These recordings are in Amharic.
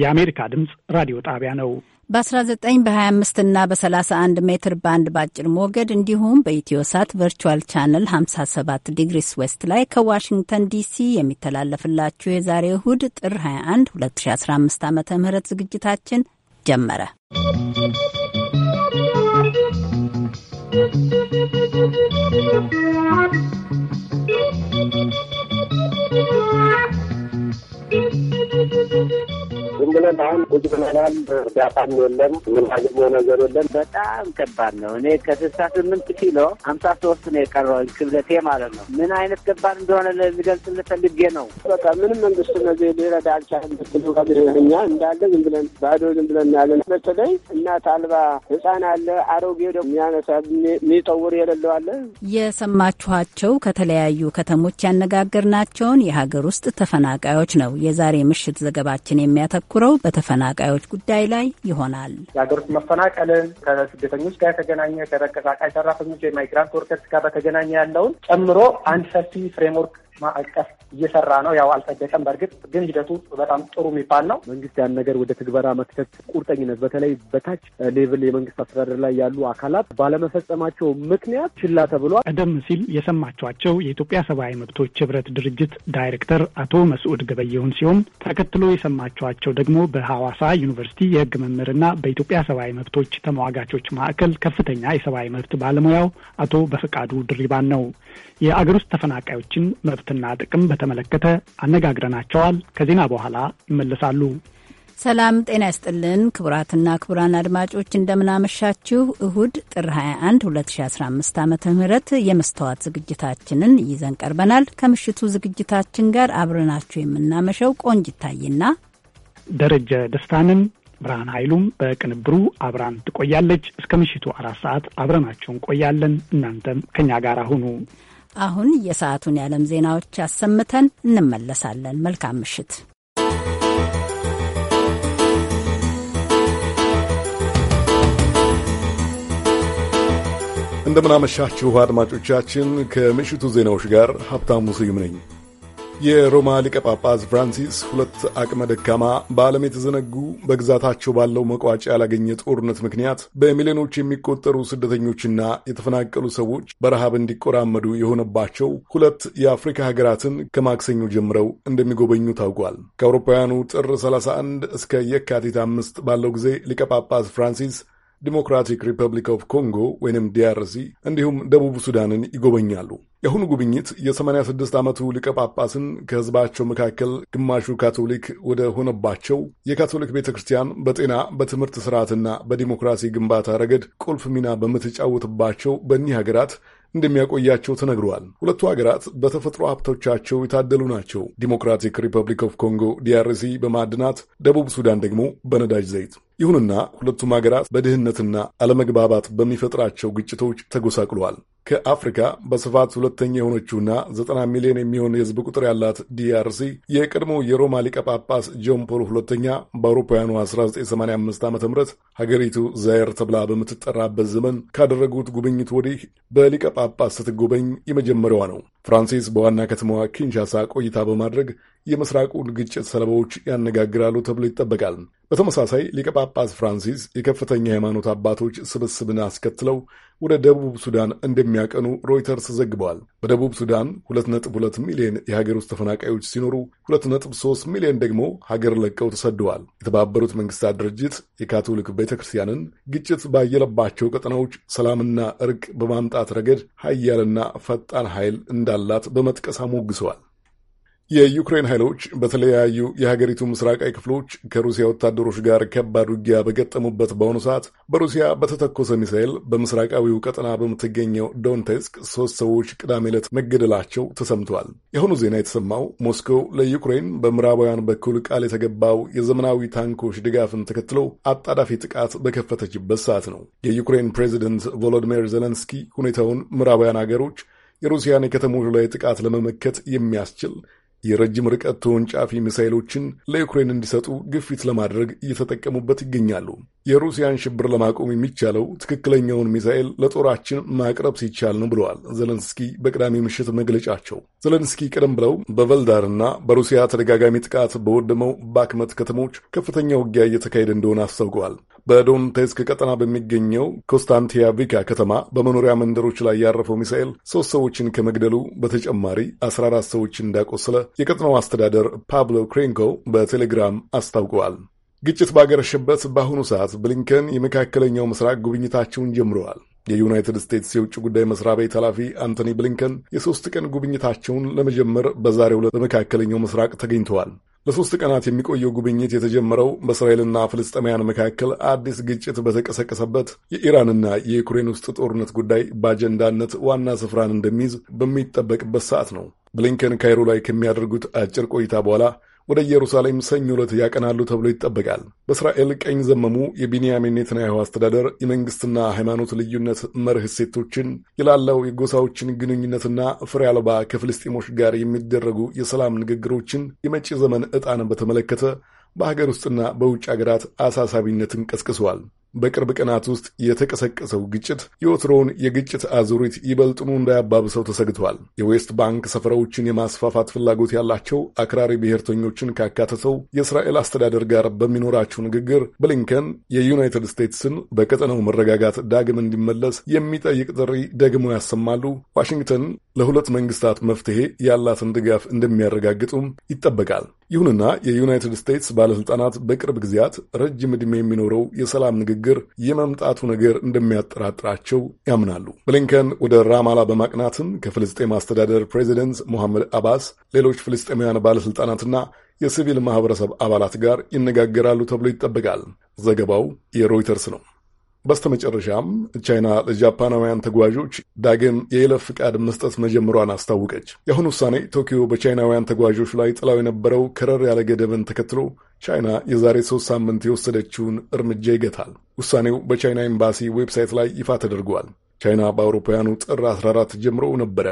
የአሜሪካ ድምፅ ራዲዮ ጣቢያ ነው። በ19 በ25 እና በ31 ሜትር ባንድ በአጭር ሞገድ እንዲሁም በኢትዮ ሳት ቨርቹዋል ቻነል 57 ዲግሪስ ዌስት ላይ ከዋሽንግተን ዲሲ የሚተላለፍላችሁ የዛሬ እሁድ ጥር 21 2015 ዓ ም ዝግጅታችን ጀመረ። ¶¶ ብለን አሁን ጉድ ብለናል። እርዳታም የለም፣ የምናገኘው ነገር የለም። በጣም ከባድ ነው። እኔ ከስልሳ ስምንት ኪሎ ሀምሳ ሶስት ነው የቀረው ክብደቴ ማለት ነው። ምን አይነት ከባድ እንደሆነ ልገልጽ ልፈልጌ ነው። በቃ ምንም መንግስት እነዚህ ሊረዳ አልቻለም። እኛ እንዳለ ዝም ብለን ባዶ ዝም ብለን ያለን በተለይ እናት አልባ ህፃን አለ፣ አሮጌ ደግሞ የሚያነሳ የሚጠውር የሌለው አለ። የሰማችኋቸው ከተለያዩ ከተሞች ያነጋገርናቸውን የሀገር ውስጥ ተፈናቃዮች ነው። የዛሬ ምሽት ዘገባችን የሚያተኩረው የሚያተኩረው በተፈናቃዮች ጉዳይ ላይ ይሆናል። የሀገር ውስጥ መፈናቀልን ከስደተኞች ጋር የተገናኘ ከተንቀሳቃሽ ሰራተኞች የማይግራንት ወርከርስ ጋር በተገናኘ ያለውን ጨምሮ አንድ ሰፊ ፍሬምወርክ ማዕቀፍ እየሰራ ነው። ያው አልጸደቀም። በእርግጥ ግን ሂደቱ በጣም ጥሩ የሚባል ነው። መንግስት ያን ነገር ወደ ትግበራ መክተት ቁርጠኝነት፣ በተለይ በታች ሌቭል የመንግስት አስተዳደር ላይ ያሉ አካላት ባለመፈጸማቸው ምክንያት ችላ ተብሏል። ቀደም ሲል የሰማችኋቸው የኢትዮጵያ ሰብአዊ መብቶች ህብረት ድርጅት ዳይሬክተር አቶ መስዑድ ገበየሁን ሲሆን ተከትሎ የሰማችኋቸው ደግሞ በሐዋሳ ዩኒቨርሲቲ የህግ መምህርና በኢትዮጵያ ሰብአዊ መብቶች ተሟጋቾች ማዕከል ከፍተኛ የሰብአዊ መብት ባለሙያው አቶ በፈቃዱ ድሪባን ነው። የአገር ውስጥ ተፈናቃዮችን መብት መብትና ጥቅም በተመለከተ አነጋግረናቸዋል። ከዜና በኋላ ይመለሳሉ። ሰላም ጤና ይስጥልን ክቡራትና ክቡራን አድማጮች እንደምናመሻችሁ። እሁድ ጥር 21 2015 ዓ ም የመስተዋት ዝግጅታችንን ይዘን ቀርበናል። ከምሽቱ ዝግጅታችን ጋር አብረናችሁ የምናመሸው ቆንጅ ቆንጅታይና ደረጀ ደስታንን፣ ብርሃን ኃይሉም በቅንብሩ አብራን ትቆያለች። እስከ ምሽቱ አራት ሰዓት አብረናችሁ እንቆያለን። እናንተም ከኛ ጋር አሁኑ። አሁን የሰዓቱን የዓለም ዜናዎች አሰምተን እንመለሳለን። መልካም ምሽት። እንደምናመሻችሁ አድማጮቻችን፣ ከምሽቱ ዜናዎች ጋር ሀብታሙ ስዩም ነኝ። የሮማ ሊቀ ጳጳስ ፍራንሲስ ሁለት አቅመ ደካማ በዓለም የተዘነጉ በግዛታቸው ባለው መቋጫ ያላገኘ ጦርነት ምክንያት በሚሊዮኖች የሚቆጠሩ ስደተኞችና የተፈናቀሉ ሰዎች በረሃብ እንዲቆራመዱ የሆነባቸው ሁለት የአፍሪካ ሀገራትን ከማክሰኞ ጀምረው እንደሚጎበኙ ታውቋል። ከአውሮፓውያኑ ጥር 31 እስከ የካቲት አምስት ባለው ጊዜ ሊቀ ጳጳስ ፍራንሲስ ዲሞክራቲክ ሪፐብሊክ ኦፍ ኮንጎ ወይም ዲአርሲ እንዲሁም ደቡብ ሱዳንን ይጎበኛሉ። የአሁኑ ጉብኝት የ86 ዓመቱ ሊቀ ጳጳስን ከህዝባቸው መካከል ግማሹ ካቶሊክ ወደ ሆነባቸው የካቶሊክ ቤተ ክርስቲያን በጤና በትምህርት ስርዓትና በዲሞክራሲ ግንባታ ረገድ ቁልፍ ሚና በምትጫወትባቸው በእኒህ ሀገራት እንደሚያቆያቸው ተነግረዋል። ሁለቱ ሀገራት በተፈጥሮ ሀብቶቻቸው የታደሉ ናቸው። ዲሞክራቲክ ሪፐብሊክ ኦፍ ኮንጎ ዲአርሲ በማዕድናት፣ ደቡብ ሱዳን ደግሞ በነዳጅ ዘይት። ይሁንና ሁለቱም ሀገራት በድህነትና አለመግባባት በሚፈጥራቸው ግጭቶች ተጎሳቅሏል። ከአፍሪካ በስፋት ሁለተኛ የሆነችውና ዘጠና ሚሊዮን የሚሆን የህዝብ ቁጥር ያላት ዲአርሲ የቀድሞ የሮማ ሊቀ ጳጳስ ጆን ፖል ሁለተኛ በአውሮፓውያኑ 1985 ዓ ም ሀገሪቱ ዛየር ተብላ በምትጠራበት ዘመን ካደረጉት ጉብኝት ወዲህ በሊቀ ጳጳስ ስትጎበኝ የመጀመሪያዋ ነው። ፍራንሲስ በዋና ከተማዋ ኪንሻሳ ቆይታ በማድረግ የምስራቁን ግጭት ሰለባዎች ያነጋግራሉ ተብሎ ይጠበቃል። በተመሳሳይ ሊቀ ጳጳስ ፍራንሲስ የከፍተኛ ሃይማኖት አባቶች ስብስብን አስከትለው ወደ ደቡብ ሱዳን እንደሚያቀኑ ሮይተርስ ዘግበዋል። በደቡብ ሱዳን 2.2 ሚሊዮን የሀገር ውስጥ ተፈናቃዮች ሲኖሩ 2.3 ሚሊዮን ደግሞ ሀገር ለቀው ተሰደዋል። የተባበሩት መንግስታት ድርጅት የካቶሊክ ቤተ ክርስቲያንን ግጭት ባየለባቸው ቀጠናዎች ሰላምና እርቅ በማምጣት ረገድ ሀያልና ፈጣን ኃይል እንዳላት በመጥቀስ አሞግሰዋል። የዩክሬን ኃይሎች በተለያዩ የሀገሪቱ ምስራቃዊ ክፍሎች ከሩሲያ ወታደሮች ጋር ከባድ ውጊያ በገጠሙበት በአሁኑ ሰዓት በሩሲያ በተተኮሰ ሚሳይል በምስራቃዊው ቀጠና በምትገኘው ዶንቴስክ ሶስት ሰዎች ቅዳሜ ዕለት መገደላቸው ተሰምተዋል። የአሁኑ ዜና የተሰማው ሞስኮ ለዩክሬን በምዕራባውያን በኩል ቃል የተገባው የዘመናዊ ታንኮች ድጋፍን ተከትሎ አጣዳፊ ጥቃት በከፈተችበት ሰዓት ነው። የዩክሬን ፕሬዚደንት ቮሎዲሚር ዜሌንስኪ ሁኔታውን ምዕራባውያን አገሮች የሩሲያን የከተሞች ላይ ጥቃት ለመመከት የሚያስችል የረጅም ርቀት ተወንጫፊ ሚሳይሎችን ለዩክሬን እንዲሰጡ ግፊት ለማድረግ እየተጠቀሙበት ይገኛሉ። የሩሲያን ሽብር ለማቆም የሚቻለው ትክክለኛውን ሚሳኤል ለጦራችን ማቅረብ ሲቻል ነው ብለዋል ዘለንስኪ በቅዳሜ ምሽት መግለጫቸው። ዘለንስኪ ቀደም ብለው በቨልዳርና በሩሲያ ተደጋጋሚ ጥቃት በወደመው ባክመት ከተሞች ከፍተኛ ውጊያ እየተካሄደ እንደሆነ አስታውቀዋል። በዶንቴስክ ቀጠና በሚገኘው ቪካ ከተማ በመኖሪያ መንደሮች ላይ ያረፈው ሚሳኤል ሶስት ሰዎችን ከመግደሉ በተጨማሪ 14 ሰዎች እንዳቆሰለ የቀጠናው አስተዳደር ፓብሎ ክሬንኮ በቴሌግራም አስታውቀዋል። ግጭት ባገረሸበት በአሁኑ ሰዓት ብሊንከን የመካከለኛው ምስራቅ ጉብኝታቸውን ጀምረዋል። የዩናይትድ ስቴትስ የውጭ ጉዳይ መስሪያ ቤት ኃላፊ አንቶኒ ብሊንከን የሶስት ቀን ጉብኝታቸውን ለመጀመር በዛሬው ዕለት በመካከለኛው ምስራቅ ተገኝተዋል። ለሶስት ቀናት የሚቆየው ጉብኝት የተጀመረው በእስራኤልና ፍልስጤማውያን መካከል አዲስ ግጭት በተቀሰቀሰበት የኢራንና የዩክሬን ውስጥ ጦርነት ጉዳይ በአጀንዳነት ዋና ስፍራን እንደሚይዝ በሚጠበቅበት ሰዓት ነው። ብሊንከን ካይሮ ላይ ከሚያደርጉት አጭር ቆይታ በኋላ ወደ ኢየሩሳሌም ሰኞ ዕለት ያቀናሉ ተብሎ ይጠበቃል። በእስራኤል ቀኝ ዘመሙ የቢንያሚን ኔትንያሁ አስተዳደር የመንግሥትና ሃይማኖት ልዩነት መርህ እሴቶችን የላለው የጎሳዎችን ግንኙነትና ፍሬ አልባ ከፍልስጤሞች ጋር የሚደረጉ የሰላም ንግግሮችን የመጪ ዘመን ዕጣን በተመለከተ በሀገር ውስጥና በውጭ አገራት አሳሳቢነትን ቀስቅሰዋል። በቅርብ ቀናት ውስጥ የተቀሰቀሰው ግጭት የወትሮውን የግጭት አዙሪት ይበልጥኑ እንዳያባብሰው ተሰግቷል። የዌስት ባንክ ሰፈራዎችን የማስፋፋት ፍላጎት ያላቸው አክራሪ ብሔርተኞችን ካካተተው የእስራኤል አስተዳደር ጋር በሚኖራቸው ንግግር ብሊንከን የዩናይትድ ስቴትስን በቀጠናው መረጋጋት ዳግም እንዲመለስ የሚጠይቅ ጥሪ ደግሞ ያሰማሉ። ዋሽንግተን ለሁለት መንግስታት መፍትሄ ያላትን ድጋፍ እንደሚያረጋግጡም ይጠበቃል። ይሁንና የዩናይትድ ስቴትስ ባለሥልጣናት በቅርብ ጊዜያት ረጅም ዕድሜ የሚኖረው የሰላም ንግግር የመምጣቱ ነገር እንደሚያጠራጥራቸው ያምናሉ። ብሊንከን ወደ ራማላ በማቅናትም ከፍልስጤም አስተዳደር ፕሬዚደንት ሞሐመድ አባስ፣ ሌሎች ፍልስጤማውያን ባለሥልጣናትና የሲቪል ማኅበረሰብ አባላት ጋር ይነጋገራሉ ተብሎ ይጠበቃል። ዘገባው የሮይተርስ ነው። በስተመጨረሻም ቻይና ለጃፓናውያን ተጓዦች ዳግም የይለፍ ፍቃድ መስጠት መጀመሯን አስታወቀች። የአሁኑ ውሳኔ ቶኪዮ በቻይናውያን ተጓዦች ላይ ጥላው የነበረው ከረር ያለ ገደብን ተከትሎ ቻይና የዛሬ ሶስት ሳምንት የወሰደችውን እርምጃ ይገታል። ውሳኔው በቻይና ኤምባሲ ዌብሳይት ላይ ይፋ ተደርጓል። ቻይና በአውሮፓውያኑ ጥር 14 ጀምሮ ነበረ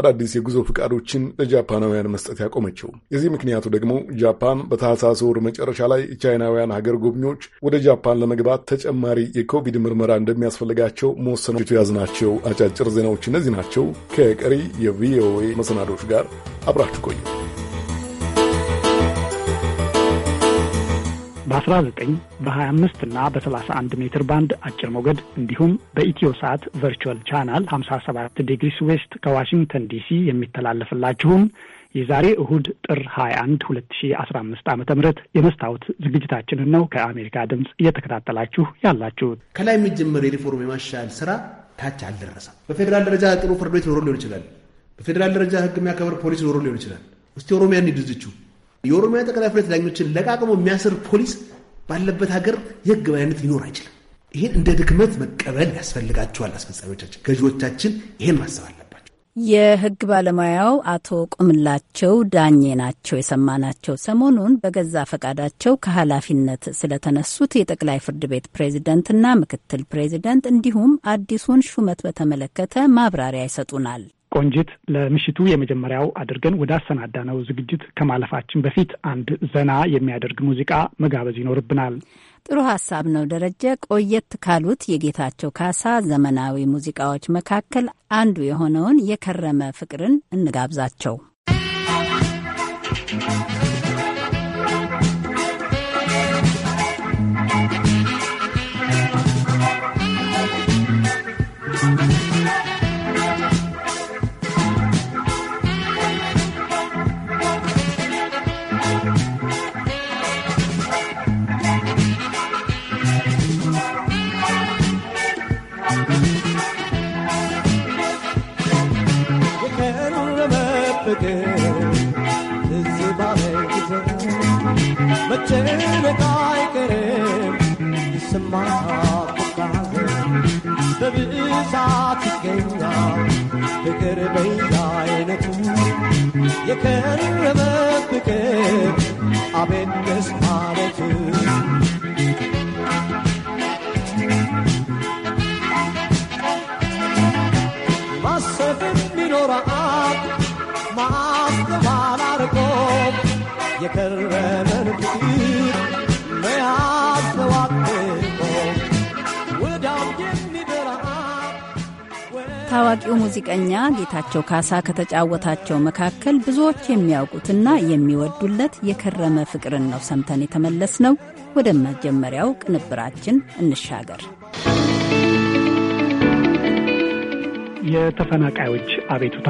አዳዲስ የጉዞ ፍቃዶችን ለጃፓናውያን መስጠት ያቆመችው። የዚህ ምክንያቱ ደግሞ ጃፓን በታህሳስ ወር መጨረሻ ላይ ቻይናውያን ሀገር ጎብኚዎች ወደ ጃፓን ለመግባት ተጨማሪ የኮቪድ ምርመራ እንደሚያስፈልጋቸው ያዝ የያዝናቸው አጫጭር ዜናዎች እነዚህ ናቸው። ከቀሪ የቪኦኤ መሰናዶች ጋር አብራችሁ ቆዩ። በ19 በ25 እና በ31 ሜትር ባንድ አጭር ሞገድ እንዲሁም በኢትዮ ሰዓት ቨርቹዋል ቻናል 57 ዲግሪስ ዌስት ከዋሽንግተን ዲሲ የሚተላለፍላችሁን የዛሬ እሁድ ጥር 21 2015 ዓ ም የመስታወት ዝግጅታችንን ነው ከአሜሪካ ድምፅ እየተከታተላችሁ ያላችሁት። ከላይ የሚጀመር የሪፎርም የማሻል ስራ ታች አልደረሰም። በፌዴራል ደረጃ ጥሩ ፍርድ ቤት ኖሮ ሊሆን ይችላል። በፌዴራል ደረጃ ህግ የሚያከብር ፖሊስ ኖሮ ሊሆን ይችላል። ውስጥ ኦሮሚያ እንሂድ የኦሮሚያ ጠቅላይ ፍርድ ዳኞችን ለቃቅሞ የሚያስር ፖሊስ ባለበት ሀገር የህግ በላይነት ሊኖር አይችልም። ይህን እንደ ድክመት መቀበል ያስፈልጋቸዋል። አስፈጻሚዎቻችን፣ ገዢዎቻችን ይህን ማሰብ አለባቸው። የህግ ባለሙያው አቶ ቁምላቸው ዳኜ ናቸው የሰማናቸው። ሰሞኑን በገዛ ፈቃዳቸው ከኃላፊነት ስለተነሱት የጠቅላይ ፍርድ ቤት ፕሬዝደንትና ምክትል ፕሬዝደንት እንዲሁም አዲሱን ሹመት በተመለከተ ማብራሪያ ይሰጡናል። ቆንጅት ለምሽቱ የመጀመሪያው አድርገን ወደ ነው። ዝግጅት ከማለፋችን በፊት አንድ ዘና የሚያደርግ ሙዚቃ መጋበዝ ይኖርብናል። ጥሩ ሀሳብ ነው ደረጀ። ቆየት ካሉት የጌታቸው ካሳ ዘመናዊ ሙዚቃዎች መካከል አንዱ የሆነውን የከረመ ፍቅርን እንጋብዛቸው። ፍቅር ትዝ ባለኝ ጊዜ መጨነቅ አይቀርም ይሰማል በብዛት ይገኛል ፍቅር በየአይነቱ የቀረበ ፍቅር አቤት ደስ ማለቱ ማስተዋል አርቆ የከረመን ታዋቂው ሙዚቀኛ ጌታቸው ካሳ ከተጫወታቸው መካከል ብዙዎች የሚያውቁትና የሚወዱለት የከረመ ፍቅርን ነው ሰምተን የተመለስ ነው። ወደ መጀመሪያው ቅንብራችን እንሻገር። የተፈናቃዮች አቤቱታ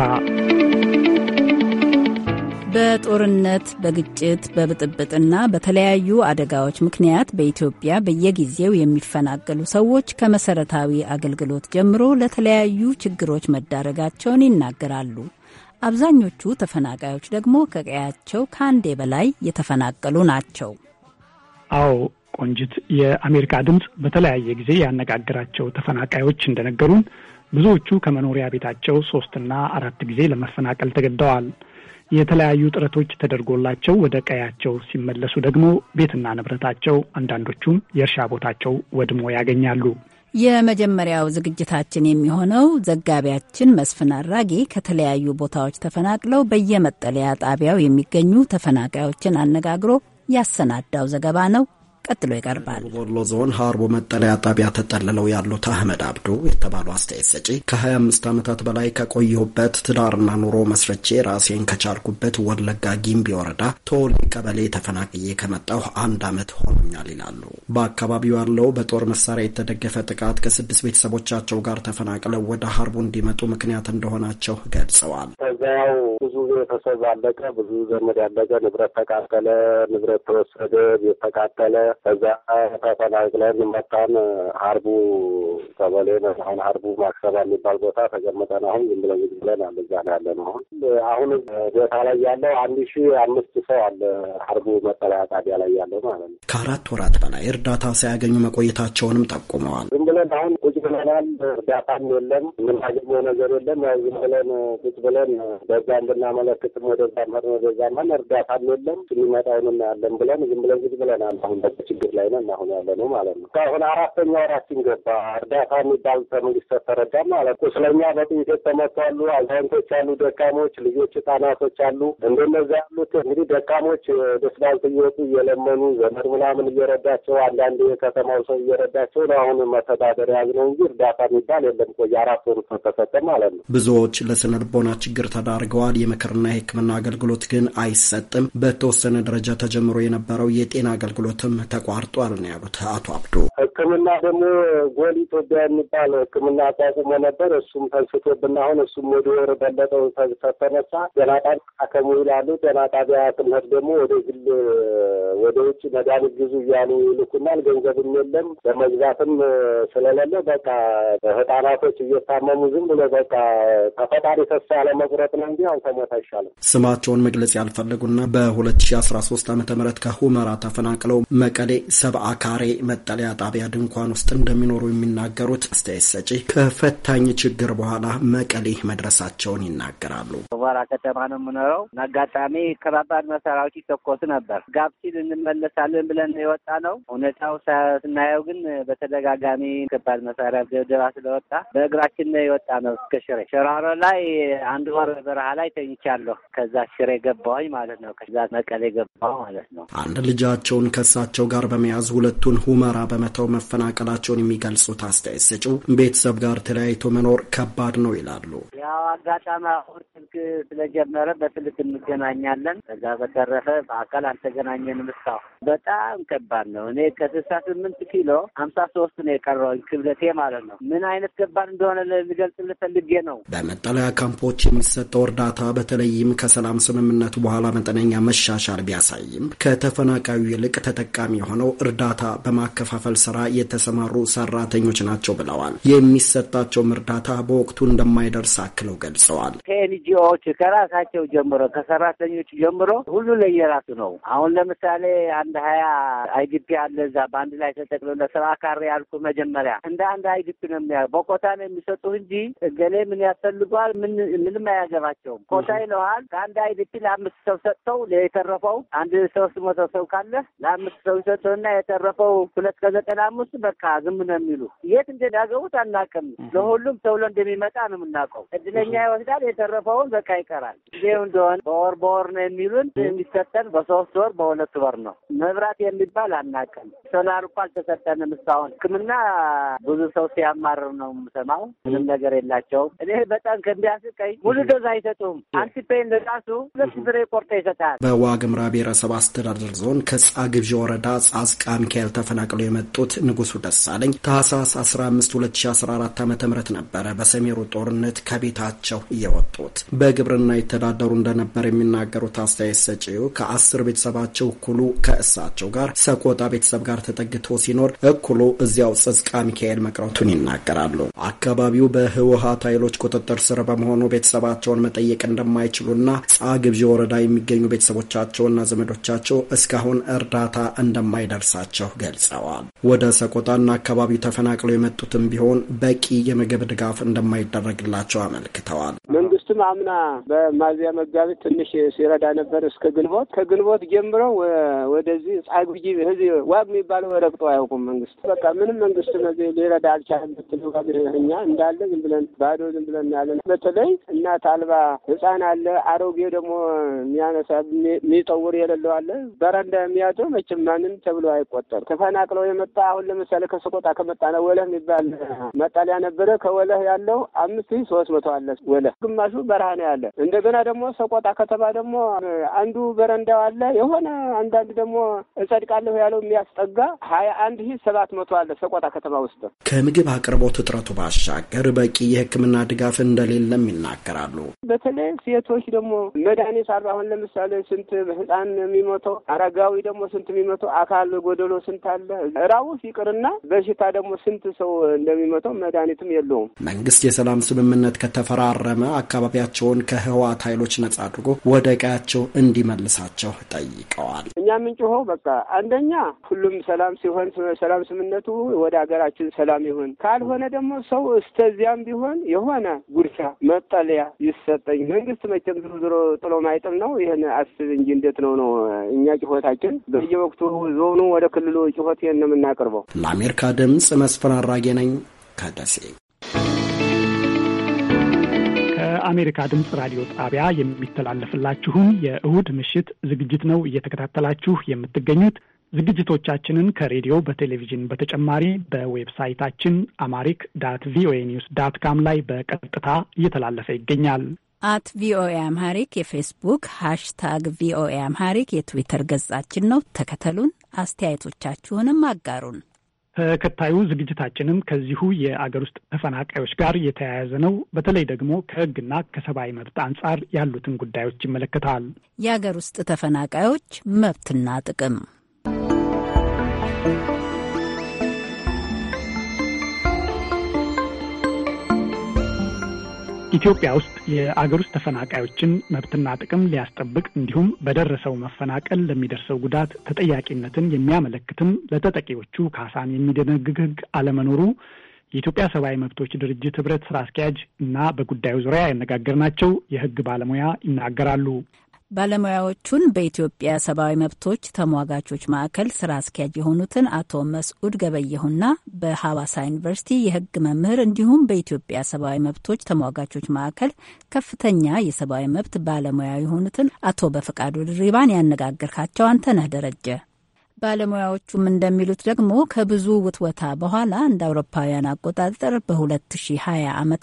በጦርነት በግጭት በብጥብጥና በተለያዩ አደጋዎች ምክንያት በኢትዮጵያ በየጊዜው የሚፈናቀሉ ሰዎች ከመሰረታዊ አገልግሎት ጀምሮ ለተለያዩ ችግሮች መዳረጋቸውን ይናገራሉ። አብዛኞቹ ተፈናቃዮች ደግሞ ከቀያቸው ከአንዴ በላይ የተፈናቀሉ ናቸው። አዎ ቆንጅት፣ የአሜሪካ ድምፅ በተለያየ ጊዜ ያነጋገራቸው ተፈናቃዮች እንደነገሩን ብዙዎቹ ከመኖሪያ ቤታቸው ሶስትና አራት ጊዜ ለመፈናቀል ተገደዋል። የተለያዩ ጥረቶች ተደርጎላቸው ወደ ቀያቸው ሲመለሱ ደግሞ ቤትና ንብረታቸው አንዳንዶቹም የእርሻ ቦታቸው ወድሞ ያገኛሉ። የመጀመሪያው ዝግጅታችን የሚሆነው ዘጋቢያችን መስፍን አራጌ ከተለያዩ ቦታዎች ተፈናቅለው በየመጠለያ ጣቢያው የሚገኙ ተፈናቃዮችን አነጋግሮ ያሰናዳው ዘገባ ነው። ቀጥሎ ይቀርባል። ወሎ ዞን ሀርቦ መጠለያ ጣቢያ ተጠልለው ያሉት አህመድ አብዱ የተባሉ አስተያየት ሰጪ ከ25 ዓመታት በላይ ከቆየሁበት ትዳርና ኑሮ መስረቼ ራሴን ከቻልኩበት ወለጋ ጊምቢ ወረዳ ቶሌ ቀበሌ ተፈናቅዬ ከመጣሁ አንድ ዓመት ሆኖኛል ይላሉ። በአካባቢው ያለው በጦር መሳሪያ የተደገፈ ጥቃት ከስድስት ቤተሰቦቻቸው ጋር ተፈናቅለው ወደ ሀርቡ እንዲመጡ ምክንያት እንደሆናቸው ገልጸዋል። ቤተሰብ አለቀ፣ ብዙ ዘመድ ያለቀ፣ ንብረት ተቃጠለ፣ ንብረት ተወሰደ፣ ቤት ተቃጠለ። ከዛ ተፈናቅለን መጣን። ሀርቡ ቀበሌ ነው። አሁን አርቡ ማክሰባ የሚባል ቦታ ተቀምጠን አሁን ዝም ብለን ዝም ብለን አለ እዛ ነው ያለነው። አሁን አሁን ቦታ ላይ ያለው አንድ ሺ አምስት ሰው አለ አርቡ መጠለያ ጣቢያ ላይ ያለው ማለት ነው። ከአራት ወራት በላይ እርዳታ ሳያገኙ መቆየታቸውንም ጠቁመዋል። ዝም ብለን አሁን ቁጭ ብለናል። እርዳታም የለም፣ የምናገኘው ነገር የለም። ዝም ብለን ቁጭ ብለን በዛ እንድናመለ ምልክትም ወደዛም ሆነ ወደዛም ሆነ እርዳታም የለም የሚመጣውን እናያለን ብለን ዝም ብለን ዝግ ብለናል። አሁን ችግር ላይ ነን አሁን ያለ ነው ማለት ነው። አሁን አራተኛ ወራችን ገባ። እርዳታ የሚባል ከመንግስት ተረዳ ማለት ቁስለኛ በጥይት የተመቱ አሉ፣ አዛውንቶች አሉ፣ ደካሞች ልጆች፣ ህጻናቶች አሉ። እንደነዚ ያሉት እንግዲህ ደካሞች ደስባልት እየወጡ እየለመኑ ዘመድ ምናምን እየረዳቸው አንዳንድ የከተማው ሰው እየረዳቸው ነው አሁን መተዳደር ያዝ ነው እንጂ እርዳታ የሚባል የለም። ቆይ አራት ወሩ ተሰጠ ማለት ነው። ብዙዎች ለስነ ልቦና ችግር ተዳርገዋል። የምክርና የጤናና የሕክምና አገልግሎት ግን አይሰጥም። በተወሰነ ደረጃ ተጀምሮ የነበረው የጤና አገልግሎትም ተቋርጧል ነው ያሉት አቶ አብዶ። ሕክምና ደግሞ ጎል ኢትዮጵያ የሚባል ሕክምና አቋቁሞ ነበር። እሱም ተንስቶብን አሁን እሱም ወደ ወር በለጠው ተነሳ። ጤና ጣቢያ አከሙ ይላሉ። ጤና ጣቢያ ትምህርት ደግሞ ወደ ግል ወደ ውጭ መድኃኒት ግዙ እያሉ ይልኩናል። ገንዘብም የለም ለመግዛትም ስለሌለ በቃ ህጣናቶች እየታመሙ ዝም ብሎ በቃ ተፈጣሪ ተስፋ ለመቁረጥ ነው እንጂ አልተሞተሽ አይሻልም። ስማቸውን መግለጽ ያልፈለጉና በ2013 ዓ ም ከሁመራ ተፈናቅለው መቀሌ ሰብአ ካሬ መጠለያ ጣቢያ ድንኳን ውስጥ እንደሚኖሩ የሚናገሩት አስተያየት ሰጪ ከፈታኝ ችግር በኋላ መቀሌ መድረሳቸውን ይናገራሉ። ሁመራ ከተማ ነው የምኖረው። አጋጣሚ ከባባድ መሳሪያዎች ይተኮሱ ነበር። ጋብ ሲል እንመለሳለን ብለን የወጣ ነው። ሁኔታው ስናየው ግን በተደጋጋሚ ከባድ መሳሪያ ደብደባ ስለወጣ በእግራችን የወጣ ነው። እስከ ሽሬ ሽራሮ ላይ አንድ ወር በረሃ ላይ ተኝቻለሁ። አውቃለሁ። ከዛ ሽሬ ገባሁኝ ማለት ነው። ከዛ መቀሌ ገባሁ ማለት ነው። አንድ ልጃቸውን ከእሳቸው ጋር በመያዝ ሁለቱን ሁመራ በመተው መፈናቀላቸውን የሚገልጹት አስተያየት ሰጪው ቤተሰብ ጋር ተለያይቶ መኖር ከባድ ነው ይላሉ። ያው አጋጣሚ አሁን ስልክ ስለጀመረ በስልክ እንገናኛለን። ከዛ በተረፈ በአካል አልተገናኘንም እስካሁን። በጣም ከባድ ነው። እኔ ከስልሳ ስምንት ኪሎ ሀምሳ ሶስት ነው የቀረውኝ ክብደቴ ማለት ነው። ምን አይነት ከባድ እንደሆነ ልገልጽ ልፈልጌ ነው። በመጠለያ ካምፖች የሚሰጠው እርዳታ በተለ በተለይም ከሰላም ስምምነቱ በኋላ መጠነኛ መሻሻል ቢያሳይም ከተፈናቃዩ ይልቅ ተጠቃሚ የሆነው እርዳታ በማከፋፈል ስራ የተሰማሩ ሰራተኞች ናቸው ብለዋል። የሚሰጣቸውም እርዳታ በወቅቱ እንደማይደርስ አክለው ገልጸዋል። ከኤንጂኦዎች ከራሳቸው ጀምሮ ከሰራተኞች ጀምሮ ሁሉ ለየራሱ ነው። አሁን ለምሳሌ አንድ ሀያ አይዲፒ አለ እዛ በአንድ ላይ ተጠቅሎ ለስራ ካሬ ያልኩ መጀመሪያ እንደ አንድ አይዲፒ ነው የሚያ በኮታ ነው የሚሰጡ እንጂ እገሌ ምን ያስፈልጓል ምንም አያገባቸውም። ኮታ ብለዋል። ከአንድ አይድ እድል አምስት ሰው ሰጥተው የተረፈው አንድ ሶስት መቶ ሰው ካለ ለአምስት ሰው ይሰጠውና የተረፈው ሁለት ከዘጠና አምስት በቃ ዝም ነው የሚሉ የት እንደዳገቡት አናውቅም። ለሁሉም ተብሎ እንደሚመጣ ነው የምናውቀው። እድለኛ ይወስዳል፣ የተረፈውን በቃ ይቀራል። ጊዜው እንደሆነ በወር በወር ነው የሚሉን የሚሰጠን በሶስት ወር በሁለት ወር ነው። መብራት የሚባል አናውቅም። ሶላር እኮ አልተሰጠንም እስካሁን። ሕክምና ብዙ ሰው ሲያማርር ነው የምሰማው። ምንም ነገር የላቸውም። እኔ በጣም ከሚያስቀኝ ሙሉ ዶዝ አይሰጡም። አንቲ ሲፔንድ ራሱ ሁለት ፍሬ ይሰጣል። በዋግምራ ብሔረሰብ አስተዳደር ዞን ግብዣ ወረዳ ጻዝቃ ሚካኤል ተፈናቅለው የመጡት ንጉሱ ደሳለኝ ታህሳስ 15 2014 ዓ ም ነበረ በሰሜሩ ጦርነት ከቤታቸው እየወጡት በግብርና ይተዳደሩ እንደነበር የሚናገሩት አስተያየት ሰጪው ከአስር ቤተሰባቸው እኩሉ ከእሳቸው ጋር ሰቆጣ ቤተሰብ ጋር ተጠግቶ ሲኖር እኩሉ እዚያው ጽዝቃ ሚካኤል መቅረቱን ይናገራሉ። አካባቢው በህወሀት ኃይሎች ቁጥጥር ስር በመሆኑ ቤተሰባቸውን መጠየቅ እንደማይ እንደማይችሉና ጻ ግብዢ ወረዳ የሚገኙ ቤተሰቦቻቸውና ዘመዶቻቸው እስካሁን እርዳታ እንደማይደርሳቸው ገልጸዋል። ወደ ሰቆጣና አካባቢው ተፈናቅለው የመጡትም ቢሆን በቂ የምግብ ድጋፍ እንደማይደረግላቸው አመልክተዋል። እሱም አምና በማዚያ መጋቢት ትንሽ ሲረዳ ነበር እስከ ግንቦት። ከግንቦት ጀምሮ ወደዚህ ጻጉጂ ህዚ ዋግ የሚባለው ረግጦ አያውቁም መንግስት። በቃ ምንም መንግስት ሊረዳ አልቻለም ብትሉ እንዳለ ዝም ብለን ባዶ ዝም ብለን ያለ በተለይ እናት አልባ ህፃን አለ፣ አሮጌ ደግሞ የሚያነሳ የሚጠውር የሌለው አለ። በረንዳ የሚያድር መቼም ማንም ተብሎ አይቆጠር። ተፈናቅለው የመጣ አሁን ለምሳሌ ከሰቆጣ ከመጣ ነው ወለህ የሚባል መጣሊያ ነበረ። ከወለህ ያለው አምስት ሺህ ሶስት መቶ አለ ወለህ ግማሹ በረሃ ነው ያለ። እንደገና ደግሞ ሰቆጣ ከተማ ደግሞ አንዱ በረንዳው አለ የሆነ አንዳንድ ደግሞ እጸድቃለሁ ያለው የሚያስጠጋ ሀያ አንድ ሺ ሰባት መቶ አለ ሰቆጣ ከተማ ውስጥ። ከምግብ አቅርቦት እጥረቱ ባሻገር በቂ የሕክምና ድጋፍ እንደሌለም ይናገራሉ። በተለይ ሴቶች ደግሞ መድኃኒት አሉ። አሁን ለምሳሌ ስንት ህፃን የሚሞተው አረጋዊ ደግሞ ስንት የሚሞተው አካል ጎደሎ ስንት አለ። ራቡ ይቅርና በሽታ ደግሞ ስንት ሰው እንደሚሞተው መድኃኒትም የለውም። መንግስት የሰላም ስምምነት ከተፈራረመ አካባቢ አካባቢያቸውን ከህወሓት ኃይሎች ነጻ አድርጎ ወደ ቀያቸው እንዲመልሳቸው ጠይቀዋል። እኛ የምንጮኸው በቃ አንደኛ ሁሉም ሰላም ሲሆን ሰላም ስምነቱ ወደ ሀገራችን ሰላም ይሁን፣ ካልሆነ ደግሞ ሰው እስተዚያም ቢሆን የሆነ ጉርሻ መጠለያ ይሰጠኝ። መንግስት መቼም ዝሮ ዝሮ ጥሎ ማይጥል ነው። ይህን አስብ እንጂ እንዴት ነው ነው እኛ ጩኸታችን በየወቅቱ ዞኑ ወደ ክልሉ ጩኸት ይህን የምናቀርበው። ለአሜሪካ ድምፅ መስፍን አራጌ ነኝ ከደሴ። ከአሜሪካ ድምፅ ራዲዮ ጣቢያ የሚተላለፍላችሁን የእሁድ ምሽት ዝግጅት ነው እየተከታተላችሁ የምትገኙት። ዝግጅቶቻችንን ከሬዲዮ በቴሌቪዥን በተጨማሪ በዌብሳይታችን አማሪክ ዳት ቪኦኤ ኒውስ ዳት ካም ላይ በቀጥታ እየተላለፈ ይገኛል። አት ቪኦኤ አምሃሪክ የፌስቡክ ሃሽታግ ቪኦኤ አምሃሪክ የትዊተር ገጻችን ነው። ተከተሉን፣ አስተያየቶቻችሁንም አጋሩን። ተከታዩ ዝግጅታችንም ከዚሁ የአገር ውስጥ ተፈናቃዮች ጋር የተያያዘ ነው። በተለይ ደግሞ ከሕግና ከሰብአዊ መብት አንጻር ያሉትን ጉዳዮች ይመለከታል። የአገር ውስጥ ተፈናቃዮች መብትና ጥቅም ኢትዮጵያ ውስጥ የአገር ውስጥ ተፈናቃዮችን መብትና ጥቅም ሊያስጠብቅ እንዲሁም በደረሰው መፈናቀል ለሚደርሰው ጉዳት ተጠያቂነትን የሚያመለክትም ለተጠቂዎቹ ካሳን የሚደነግግ ሕግ አለመኖሩ የኢትዮጵያ ሰብአዊ መብቶች ድርጅት ህብረት ስራ አስኪያጅ እና በጉዳዩ ዙሪያ ያነጋገርናቸው የህግ ባለሙያ ይናገራሉ። ባለሙያዎቹን በኢትዮጵያ ሰብአዊ መብቶች ተሟጋቾች ማዕከል ስራ አስኪያጅ የሆኑትን አቶ መስዑድ ገበየሁና በሐዋሳ ዩኒቨርሲቲ የሕግ መምህር እንዲሁም በኢትዮጵያ ሰብአዊ መብቶች ተሟጋቾች ማዕከል ከፍተኛ የሰብአዊ መብት ባለሙያ የሆኑትን አቶ በፈቃዱ ድሪባን ያነጋገርካቸው አንተነህ ደረጀ። ባለሙያዎቹም እንደሚሉት ደግሞ ከብዙ ውትወታ በኋላ እንደ አውሮፓውያን አቆጣጠር በ2020 ዓ ም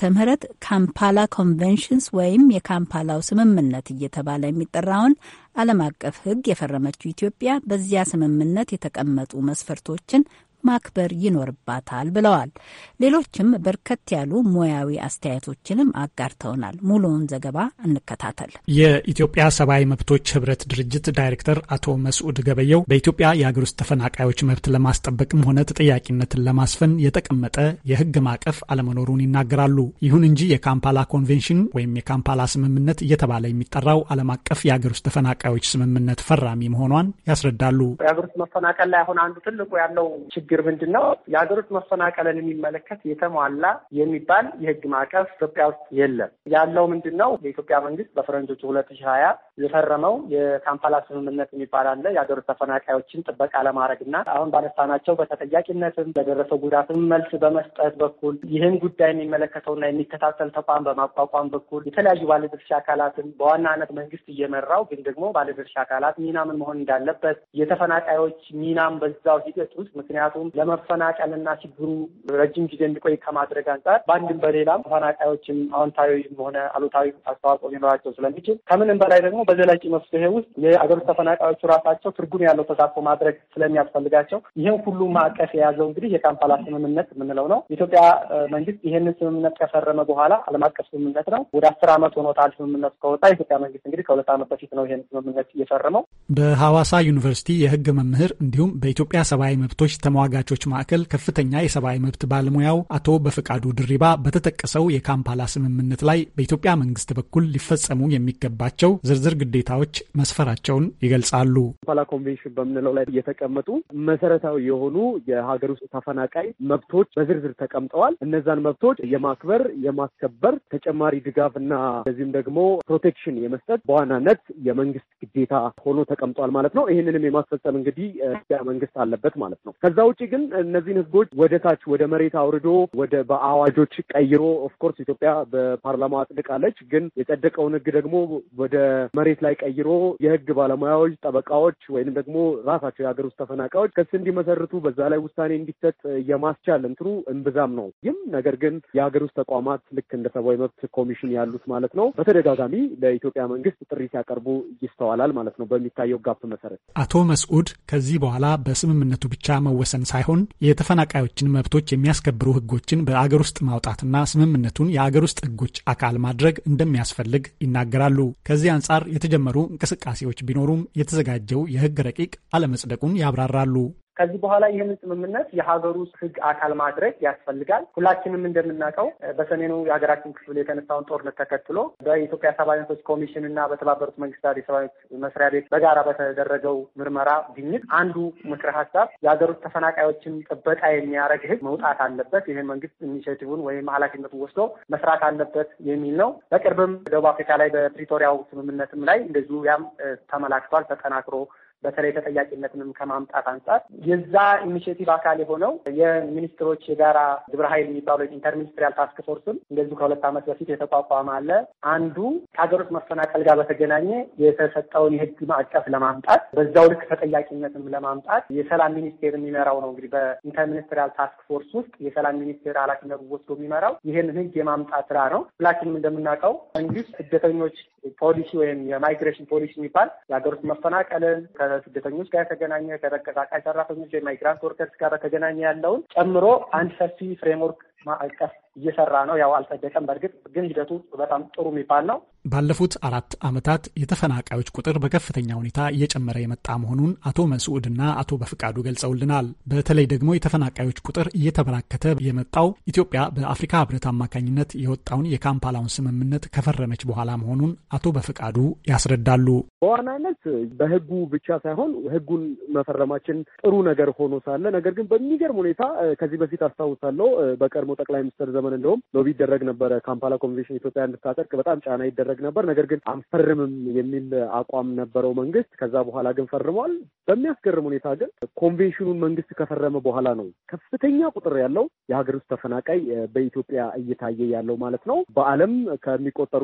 ካምፓላ ኮንቬንሽንስ ወይም የካምፓላው ስምምነት እየተባለ የሚጠራውን ዓለም አቀፍ ሕግ የፈረመችው ኢትዮጵያ በዚያ ስምምነት የተቀመጡ መስፈርቶችን ማክበር ይኖርባታል ብለዋል። ሌሎችም በርከት ያሉ ሙያዊ አስተያየቶችንም አጋርተውናል። ሙሉውን ዘገባ እንከታተል። የኢትዮጵያ ሰብአዊ መብቶች ህብረት ድርጅት ዳይሬክተር አቶ መስዑድ ገበየው በኢትዮጵያ የአገር ውስጥ ተፈናቃዮች መብት ለማስጠበቅም ሆነ ተጠያቂነትን ለማስፈን የተቀመጠ የህግ ማዕቀፍ አለመኖሩን ይናገራሉ። ይሁን እንጂ የካምፓላ ኮንቬንሽን ወይም የካምፓላ ስምምነት እየተባለ የሚጠራው ዓለም አቀፍ የአገር ውስጥ ተፈናቃዮች ስምምነት ፈራሚ መሆኗን ያስረዳሉ። የአገር ውስጥ መፈናቀል ላይ አሁን አንዱ ትልቁ ያለው ችግር ምንድን ነው? የሀገሮች መፈናቀልን የሚመለከት የተሟላ የሚባል የህግ ማዕቀፍ ኢትዮጵያ ውስጥ የለም። ያለው ምንድን ነው? የኢትዮጵያ መንግስት በፈረንጆቹ ሁለት ሺህ ሀያ የፈረመው የካምፓላ ስምምነት የሚባል አለ። ተፈናቃዮችን ጥበቃ ለማድረግና አሁን ባነሳናቸው በተጠያቂነትም ለደረሰው ጉዳትም መልስ በመስጠት በኩል ይህን ጉዳይ የሚመለከተውና የሚከታተል ተቋም በማቋቋም በኩል የተለያዩ ባለድርሻ አካላትን በዋናነት መንግስት እየመራው ግን ደግሞ ባለድርሻ አካላት ሚና ምን መሆን እንዳለበት የተፈናቃዮች ሚናም በዛው ሂደት ውስጥ ምክንያቱ ምክንያቱም ለመፈናቀል ችግሩ ረጅም ጊዜ እንዲቆይ ከማድረግ አንጻር በአንድም በሌላም ተፈናቃዮችም አዎንታዊም ሆነ አሉታዊ አስተዋጽኦ ሊኖራቸው ስለሚችል ከምንም በላይ ደግሞ በዘላቂ መፍትሄ ውስጥ የአገሮች ተፈናቃዮቹ ራሳቸው ትርጉም ያለው ተሳትፎ ማድረግ ስለሚያስፈልጋቸው ይህን ሁሉ ማዕቀፍ የያዘው እንግዲህ የካምፓላ ስምምነት የምንለው ነው። የኢትዮጵያ መንግስት ይህንን ስምምነት ከፈረመ በኋላ ዓለም አቀፍ ስምምነት ነው። ወደ አስር ዓመት ሆኖታል ስምምነት ከወጣ። የኢትዮጵያ መንግስት እንግዲህ ከሁለት ዓመት በፊት ነው ይህን ስምምነት እየፈረመው። በሐዋሳ ዩኒቨርሲቲ የህግ መምህር እንዲሁም በኢትዮጵያ ሰብአዊ መብቶች ተሟጋ ተሟጋቾች ማዕከል ከፍተኛ የሰብአዊ መብት ባለሙያው አቶ በፈቃዱ ድሪባ በተጠቀሰው የካምፓላ ስምምነት ላይ በኢትዮጵያ መንግስት በኩል ሊፈጸሙ የሚገባቸው ዝርዝር ግዴታዎች መስፈራቸውን ይገልጻሉ። ካምፓላ ኮንቬንሽን በምንለው ላይ የተቀመጡ መሰረታዊ የሆኑ የሀገር ውስጥ ተፈናቃይ መብቶች በዝርዝር ተቀምጠዋል። እነዛን መብቶች የማክበር የማስከበር፣ ተጨማሪ ድጋፍና እንደዚሁም ደግሞ ፕሮቴክሽን የመስጠት በዋናነት የመንግስት ግዴታ ሆኖ ተቀምጧል ማለት ነው። ይህንንም የማስፈጸም እንግዲህ መንግስት አለበት ማለት ነው። ከዛ ውጭ ውጭ ግን እነዚህን ህጎች ወደ ታች ወደ መሬት አውርዶ ወደ በአዋጆች ቀይሮ ኦፍኮርስ ኢትዮጵያ በፓርላማ አጽድቃለች። ግን የጸደቀውን ህግ ደግሞ ወደ መሬት ላይ ቀይሮ የህግ ባለሙያዎች፣ ጠበቃዎች ወይም ደግሞ ራሳቸው የሀገር ውስጥ ተፈናቃዮች ክስ እንዲመሰርቱ በዛ ላይ ውሳኔ እንዲሰጥ የማስቻል እንትኑ እምብዛም ነው። ይህም ነገር ግን የሀገር ውስጥ ተቋማት ልክ እንደ ሰብአዊ መብት ኮሚሽን ያሉት ማለት ነው በተደጋጋሚ ለኢትዮጵያ መንግስት ጥሪ ሲያቀርቡ ይስተዋላል ማለት ነው በሚታየው ጋፕ መሰረት። አቶ መስዑድ ከዚህ በኋላ በስምምነቱ ብቻ መወሰን ሳይሆን የተፈናቃዮችን መብቶች የሚያስከብሩ ህጎችን በአገር ውስጥ ማውጣትና ስምምነቱን የአገር ውስጥ ህጎች አካል ማድረግ እንደሚያስፈልግ ይናገራሉ። ከዚህ አንጻር የተጀመሩ እንቅስቃሴዎች ቢኖሩም የተዘጋጀው የህግ ረቂቅ አለመጽደቁን ያብራራሉ። ከዚህ በኋላ ይህንን ስምምነት የሀገር ውስጥ ህግ አካል ማድረግ ያስፈልጋል። ሁላችንም እንደምናውቀው በሰሜኑ የሀገራችን ክፍል የተነሳውን ጦርነት ተከትሎ በኢትዮጵያ ሰብአዊ መብቶች ኮሚሽን እና በተባበሩት መንግስታት የሰብአዊ መስሪያ ቤት በጋራ በተደረገው ምርመራ ግኝት አንዱ ምክረ ሀሳብ የሀገር ውስጥ ተፈናቃዮችን ጥበቃ የሚያደርግ ህግ መውጣት አለበት፣ ይህ መንግስት ኢኒሽቲቭን ወይም ኃላፊነቱ ወስዶ መስራት አለበት የሚል ነው። በቅርብም ደቡብ አፍሪካ ላይ በፕሪቶሪያው ስምምነትም ላይ እንደዚሁ ያም ተመላክቷል ተጠናክሮ በተለይ ተጠያቂነትንም ከማምጣት አንጻር የዛ ኢኒሽቲቭ አካል የሆነው የሚኒስትሮች የጋራ ግብረ ኃይል የሚባለው ኢንተርሚኒስትሪያል ታስክ ፎርስም እንደዚሁ ከሁለት ዓመት በፊት የተቋቋመ አለ። አንዱ ከሀገር ውስጥ መፈናቀል ጋር በተገናኘ የተሰጠውን የህግ ማዕቀፍ ለማምጣት በዛው ልክ ተጠያቂነትም ለማምጣት የሰላም ሚኒስቴር የሚመራው ነው። እንግዲህ በኢንተርሚኒስትሪያል ታስክ ፎርስ ውስጥ የሰላም ሚኒስቴር ኃላፊነቱ ወስዶ የሚመራው ይህን ህግ የማምጣት ስራ ነው። ሁላችንም እንደምናውቀው መንግስት ስደተኞች ፖሊሲ ወይም የማይግሬሽን ፖሊሲ የሚባል የሀገር ውስጥ መፈናቀልን ከስደተኞች ጋር የተገናኘ ከተንቀሳቃሽ ሰራተኞች የማይግራንት ወርከርስ ጋር በተገናኘ ያለውን ጨምሮ አንድ ሰፊ ፍሬምወርክ ማዕቀፍ እየሰራ ነው። ያው አልጸደቀም። በእርግጥ ግን ሂደቱ በጣም ጥሩ የሚባል ነው። ባለፉት አራት ዓመታት የተፈናቃዮች ቁጥር በከፍተኛ ሁኔታ እየጨመረ የመጣ መሆኑን አቶ መስዑድና አቶ በፍቃዱ ገልጸውልናል። በተለይ ደግሞ የተፈናቃዮች ቁጥር እየተበራከተ የመጣው ኢትዮጵያ በአፍሪካ ሕብረት አማካኝነት የወጣውን የካምፓላውን ስምምነት ከፈረመች በኋላ መሆኑን አቶ በፍቃዱ ያስረዳሉ። በዋናነት በሕጉ ብቻ ሳይሆን ሕጉን መፈረማችን ጥሩ ነገር ሆኖ ሳለ ነገር ግን በሚገርም ሁኔታ ከዚህ በፊት አስታውሳለሁ በቀድሞ ጠቅላይ ሚኒስትር ዘመን እንደውም ሎቢ ይደረግ ነበረ። ካምፓላ ኮንቬንሽን ኢትዮጵያ እንድታጸድቅ በጣም ጫና ይደረግ ነበር። ነገር ግን አንፈርምም የሚል አቋም ነበረው መንግስት። ከዛ በኋላ ግን ፈርሟል። በሚያስገርም ሁኔታ ግን ኮንቬንሽኑን መንግስት ከፈረመ በኋላ ነው ከፍተኛ ቁጥር ያለው የሀገር ውስጥ ተፈናቃይ በኢትዮጵያ እየታየ ያለው ማለት ነው። በዓለም ከሚቆጠሩ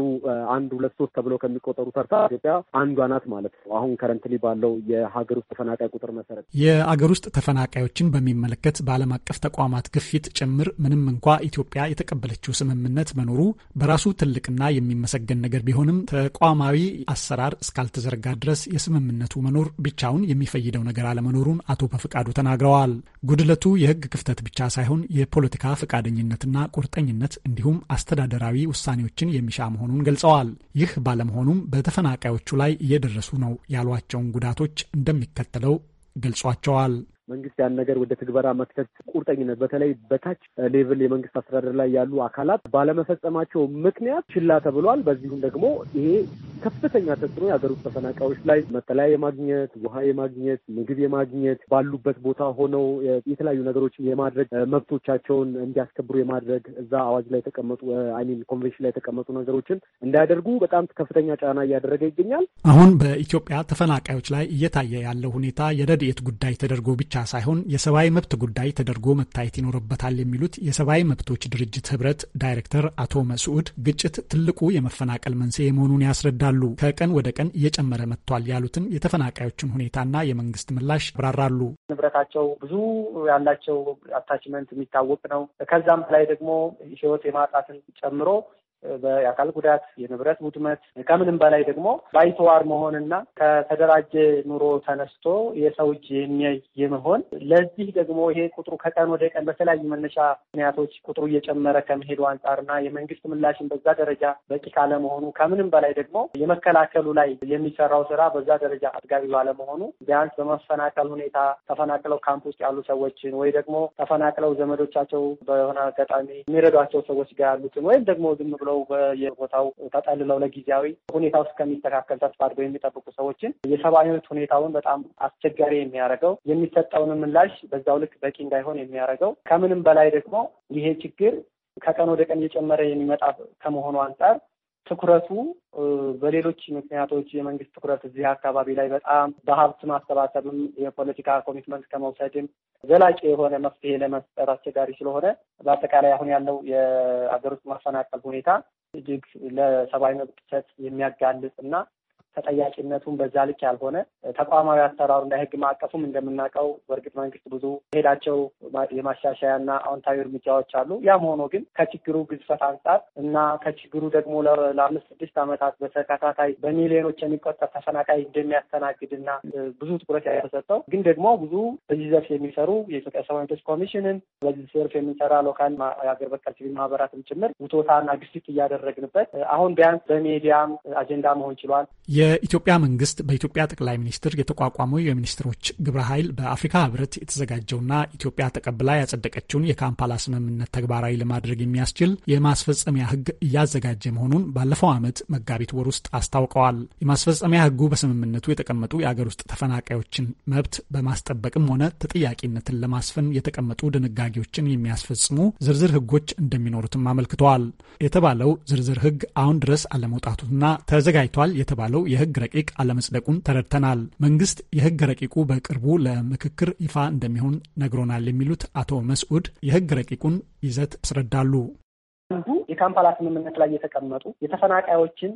አንድ ሁለት ሶስት ተብለው ከሚቆጠሩ ተርታ ኢትዮጵያ አንዷ ናት ማለት ነው። አሁን ከረንትሊ ባለው የሀገር ውስጥ ተፈናቃይ ቁጥር መሰረት የአገር ውስጥ ተፈናቃዮችን በሚመለከት በዓለም አቀፍ ተቋማት ግፊት ጭምር ምንም እንኳ ኢትዮጵያ የተቀበለችው ስምምነት መኖሩ በራሱ ትልቅና የሚመሰገን ነገር ቢሆንም ተቋማዊ አሰራር እስካልተዘረጋ ድረስ የስምምነቱ መኖር ብቻውን የሚፈይደው ነገር አለመኖሩን አቶ በፍቃዱ ተናግረዋል። ጉድለቱ የህግ ክፍተት ብቻ ሳይሆን የፖለቲካ ፈቃደኝነትና ቁርጠኝነት እንዲሁም አስተዳደራዊ ውሳኔዎችን የሚሻ መሆኑን ገልጸዋል። ይህ ባለመሆኑም በተፈናቃዮቹ ላይ እየደረሱ ነው ያሏቸውን ጉዳቶች እንደሚከተለው ገልጿቸዋል። መንግስት ያን ነገር ወደ ትግበራ መክተት ቁርጠኝነት በተለይ በታች ሌቭል የመንግስት አስተዳደር ላይ ያሉ አካላት ባለመፈጸማቸው ምክንያት ችላ ተብሏል። በዚሁም ደግሞ ይሄ ከፍተኛ ተጽዕኖ የሀገር ውስጥ ተፈናቃዮች ላይ መጠለያ የማግኘት ውሃ የማግኘት ምግብ የማግኘት ባሉበት ቦታ ሆነው የተለያዩ ነገሮችን የማድረግ መብቶቻቸውን እንዲያስከብሩ የማድረግ እዛ አዋጅ ላይ የተቀመጡ አይሚን ኮንቬንሽን ላይ የተቀመጡ ነገሮችን እንዳያደርጉ በጣም ከፍተኛ ጫና እያደረገ ይገኛል። አሁን በኢትዮጵያ ተፈናቃዮች ላይ እየታየ ያለው ሁኔታ የረድኤት ጉዳይ ተደርጎ ብቻ ሳይሆን የሰብአዊ መብት ጉዳይ ተደርጎ መታየት ይኖርበታል የሚሉት የሰብአዊ መብቶች ድርጅት ህብረት ዳይሬክተር አቶ መስዑድ ግጭት ትልቁ የመፈናቀል መንስኤ መሆኑን ያስረዳል። ይረዳሉ፣ ከቀን ወደ ቀን እየጨመረ መጥቷል ያሉትን የተፈናቃዮችን ሁኔታና የመንግስት ምላሽ ያብራራሉ። ንብረታቸው ብዙ ያላቸው አታችመንት የሚታወቅ ነው። ከዛም በላይ ደግሞ ህይወት የማጣትን ጨምሮ የአካል ጉዳት፣ የንብረት ውድመት ከምንም በላይ ደግሞ ባይተዋር መሆንና ከተደራጀ ኑሮ ተነስቶ የሰው እጅ የሚያይ መሆን ለዚህ ደግሞ ይሄ ቁጥሩ ከቀን ወደ ቀን በተለያዩ መነሻ ምክንያቶች ቁጥሩ እየጨመረ ከመሄዱ አንጻርና የመንግስት ምላሽን በዛ ደረጃ በቂ ካለመሆኑ ከምንም በላይ ደግሞ የመከላከሉ ላይ የሚሰራው ስራ በዛ ደረጃ አጥጋቢ ባለመሆኑ ቢያንስ በመፈናቀል ሁኔታ ተፈናቅለው ካምፕ ውስጥ ያሉ ሰዎችን ወይ ደግሞ ተፈናቅለው ዘመዶቻቸው በሆነ አጋጣሚ የሚረዷቸው ሰዎች ጋር ያሉትን ወይም ደግሞ ዝም ብሎ ተብለው በየቦታው ተጠልለው ለጊዜያዊ ሁኔታው እስከሚስተካከል ተስፋ አድርገው የሚጠብቁ ሰዎችን የሰብአዊነት ሁኔታውን በጣም አስቸጋሪ የሚያደርገው የሚሰጠውን ምላሽ በዛው ልክ በቂ እንዳይሆን የሚያደርገው ከምንም በላይ ደግሞ ይሄ ችግር ከቀን ወደ ቀን እየጨመረ የሚመጣ ከመሆኑ አንጻር ትኩረቱ በሌሎች ምክንያቶች የመንግስት ትኩረት እዚህ አካባቢ ላይ በጣም በሀብት ማሰባሰብም የፖለቲካ ኮሚትመንት ከመውሰድም ዘላቂ የሆነ መፍትሄ ለመስጠት አስቸጋሪ ስለሆነ በአጠቃላይ አሁን ያለው የአገር ውስጥ ማፈናቀል ሁኔታ እጅግ ለሰብአዊ መብት ጥሰት የሚያጋልጽ እና ተጠያቂነቱን በዛ ልክ ያልሆነ ተቋማዊ አሰራሩ እንደ ህግ ማዕቀፉም እንደምናውቀው በእርግጥ መንግስት ብዙ ሄዳቸው የማሻሻያ የማሻሻያና አዎንታዊ እርምጃዎች አሉ። ያም ሆኖ ግን ከችግሩ ግዝፈት አንጻር እና ከችግሩ ደግሞ ለአምስት ስድስት ዓመታት በተከታታይ በሚሊዮኖች የሚቆጠር ተፈናቃይ እንደሚያስተናግድ እንደሚያስተናግድና ብዙ ትኩረት ያልተሰጠው ግን ደግሞ ብዙ በዚህ ዘርፍ የሚሰሩ የኢትዮጵያ ሰብዓዊ መብቶች ኮሚሽንን በዚህ ዘርፍ የሚሰራ ሎካል ሀገር በቀል ሲቪል ማህበራትም ጭምር ውቶታና ግፊት እያደረግንበት አሁን ቢያንስ በሚዲያም አጀንዳ መሆን ችሏል። የኢትዮጵያ መንግስት በኢትዮጵያ ጠቅላይ ሚኒስትር የተቋቋመው የሚኒስትሮች ግብረ ኃይል በአፍሪካ ህብረት የተዘጋጀውና ኢትዮጵያ ተቀብላ ያጸደቀችውን የካምፓላ ስምምነት ተግባራዊ ለማድረግ የሚያስችል የማስፈጸሚያ ህግ እያዘጋጀ መሆኑን ባለፈው ዓመት መጋቢት ወር ውስጥ አስታውቀዋል። የማስፈጸሚያ ህጉ በስምምነቱ የተቀመጡ የአገር ውስጥ ተፈናቃዮችን መብት በማስጠበቅም ሆነ ተጠያቂነትን ለማስፈን የተቀመጡ ድንጋጌዎችን የሚያስፈጽሙ ዝርዝር ህጎች እንደሚኖሩትም አመልክተዋል። የተባለው ዝርዝር ህግ አሁን ድረስ አለመውጣቱና ተዘጋጅቷል የተባለው የህግ ረቂቅ አለመጽደቁን ተረድተናል። መንግስት የህግ ረቂቁ በቅርቡ ለምክክር ይፋ እንደሚሆን ነግሮናል የሚሉት አቶ መስዑድ የህግ ረቂቁን ይዘት ያስረዳሉ። አንዱ የካምፓላ ስምምነት ላይ የተቀመጡ የተፈናቃዮችን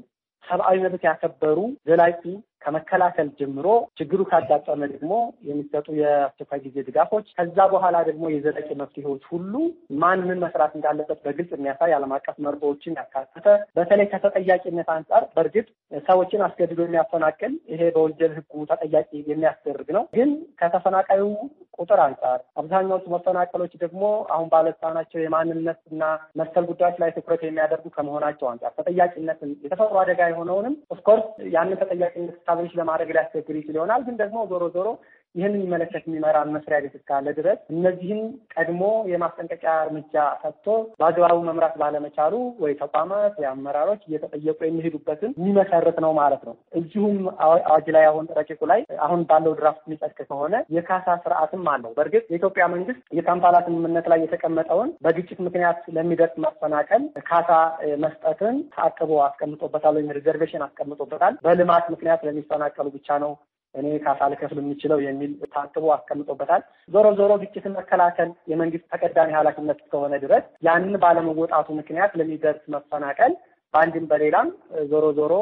ሰብአዊ መብት ያከበሩ ዘላቂ ከመከላከል ጀምሮ ችግሩ ካጋጠመ ደግሞ የሚሰጡ የአስቸኳይ ጊዜ ድጋፎች፣ ከዛ በኋላ ደግሞ የዘላቂ መፍትሄዎች ሁሉ ማን ምን መስራት እንዳለበት በግልጽ የሚያሳይ ዓለም አቀፍ መርሆዎችን ያካተተ በተለይ ከተጠያቂነት አንጻር በእርግጥ ሰዎችን አስገድዶ የሚያፈናቅል ይሄ በወንጀል ሕጉ ተጠያቂ የሚያስደርግ ነው። ግን ከተፈናቃዩ ቁጥር አንጻር አብዛኛዎቹ መፈናቀሎች ደግሞ አሁን ባለስልጣናቸው የማንነት እና መሰል ጉዳዮች ላይ ትኩረት የሚያደርጉ ከመሆናቸው አንጻር ተጠያቂነትን የተፈጥሮ አደጋ የሆነውንም ኦፍኮርስ ያንን ተጠያቂነት ስታብሊሽ ለማድረግ ሊያስቸግር ይችል ይሆናል። ግን ደግሞ ዞሮ ዞሮ ይህንን መለከት የሚመራን መስሪያ ቤት እስካለ ድረስ እነዚህም ቀድሞ የማስጠንቀቂያ እርምጃ ሰጥቶ በአግባቡ መምራት ባለመቻሉ ወይ ተቋማት የአመራሮች እየተጠየቁ የሚሄዱበትን የሚመሰርት ነው ማለት ነው። እዚሁም አዋጅ ላይ አሁን ረቂቁ ላይ አሁን ባለው ድራፍት የሚጸድቅ ከሆነ የካሳ ስርዓትም አለው። በእርግጥ የኢትዮጵያ መንግስት የካምፓላ ስምምነት ላይ የተቀመጠውን በግጭት ምክንያት ለሚደርስ ማፈናቀል ካሳ መስጠትን ተአቅቦ አስቀምጦበታል፣ ወይም ሪዘርቬሽን አስቀምጦበታል። በልማት ምክንያት ለሚፈናቀሉ ብቻ ነው እኔ ካሳ ልከፍል የምችለው የሚል ታቅቦ አስቀምጦበታል። ዞሮ ዞሮ ግጭትን መከላከል የመንግስት ተቀዳሚ ኃላፊነት እስከሆነ ድረስ ያንን ባለመወጣቱ ምክንያት ለሚደርስ መፈናቀል በአንድም በሌላም ዞሮ ዞሮ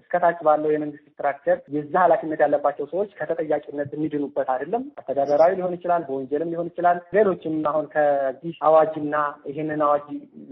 እስከታች ባለው የመንግስት ስትራክቸር የዛ ኃላፊነት ያለባቸው ሰዎች ከተጠያቂነት የሚድኑበት አይደለም። አስተዳደራዊ ሊሆን ይችላል፣ በወንጀልም ሊሆን ይችላል። ሌሎችም አሁን ከዚህ አዋጅና ይህንን አዋጅ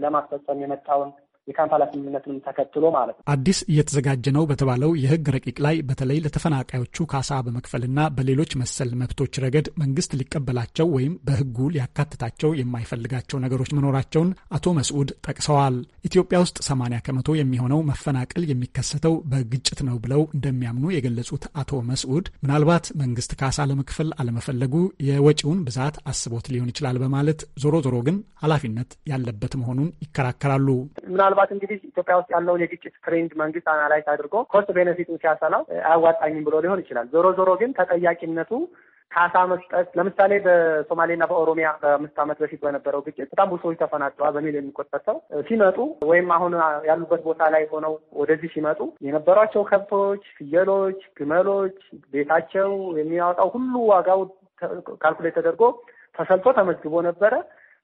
ለማስፈጸም የመጣውን የካምፓላ ስምምነትንም ተከትሎ ማለት ነው። አዲስ እየተዘጋጀ ነው በተባለው የህግ ረቂቅ ላይ በተለይ ለተፈናቃዮቹ ካሳ በመክፈልና በሌሎች መሰል መብቶች ረገድ መንግስት ሊቀበላቸው ወይም በህጉ ሊያካትታቸው የማይፈልጋቸው ነገሮች መኖራቸውን አቶ መስዑድ ጠቅሰዋል። ኢትዮጵያ ውስጥ 80 ከመቶ የሚሆነው መፈናቀል የሚከሰተው በግጭት ነው ብለው እንደሚያምኑ የገለጹት አቶ መስዑድ ምናልባት መንግስት ካሳ ለመክፈል አለመፈለጉ የወጪውን ብዛት አስቦት ሊሆን ይችላል በማለት ዞሮ ዞሮ ግን ኃላፊነት ያለበት መሆኑን ይከራከራሉ። ምናልባት እንግዲህ ኢትዮጵያ ውስጥ ያለውን የግጭት ትሬንድ መንግስት አናላይዝ አድርጎ ኮስት ቤኔፊቱን ሲያሰላው አያዋጣኝም ብሎ ሊሆን ይችላል። ዞሮ ዞሮ ግን ተጠያቂነቱ ካሳ መስጠት ለምሳሌ በሶማሌና በኦሮሚያ በአምስት ዓመት በፊት በነበረው ግጭት በጣም ብዙ ሰዎች ተፈናቅለዋል በሚል የሚቆጠር ሰው ሲመጡ ወይም አሁን ያሉበት ቦታ ላይ ሆነው ወደዚህ ሲመጡ የነበሯቸው ከብቶች፣ ፍየሎች፣ ግመሎች፣ ቤታቸው የሚያወጣው ሁሉ ዋጋው ካልኩሌት ተደርጎ ተሰልቶ ተመዝግቦ ነበረ።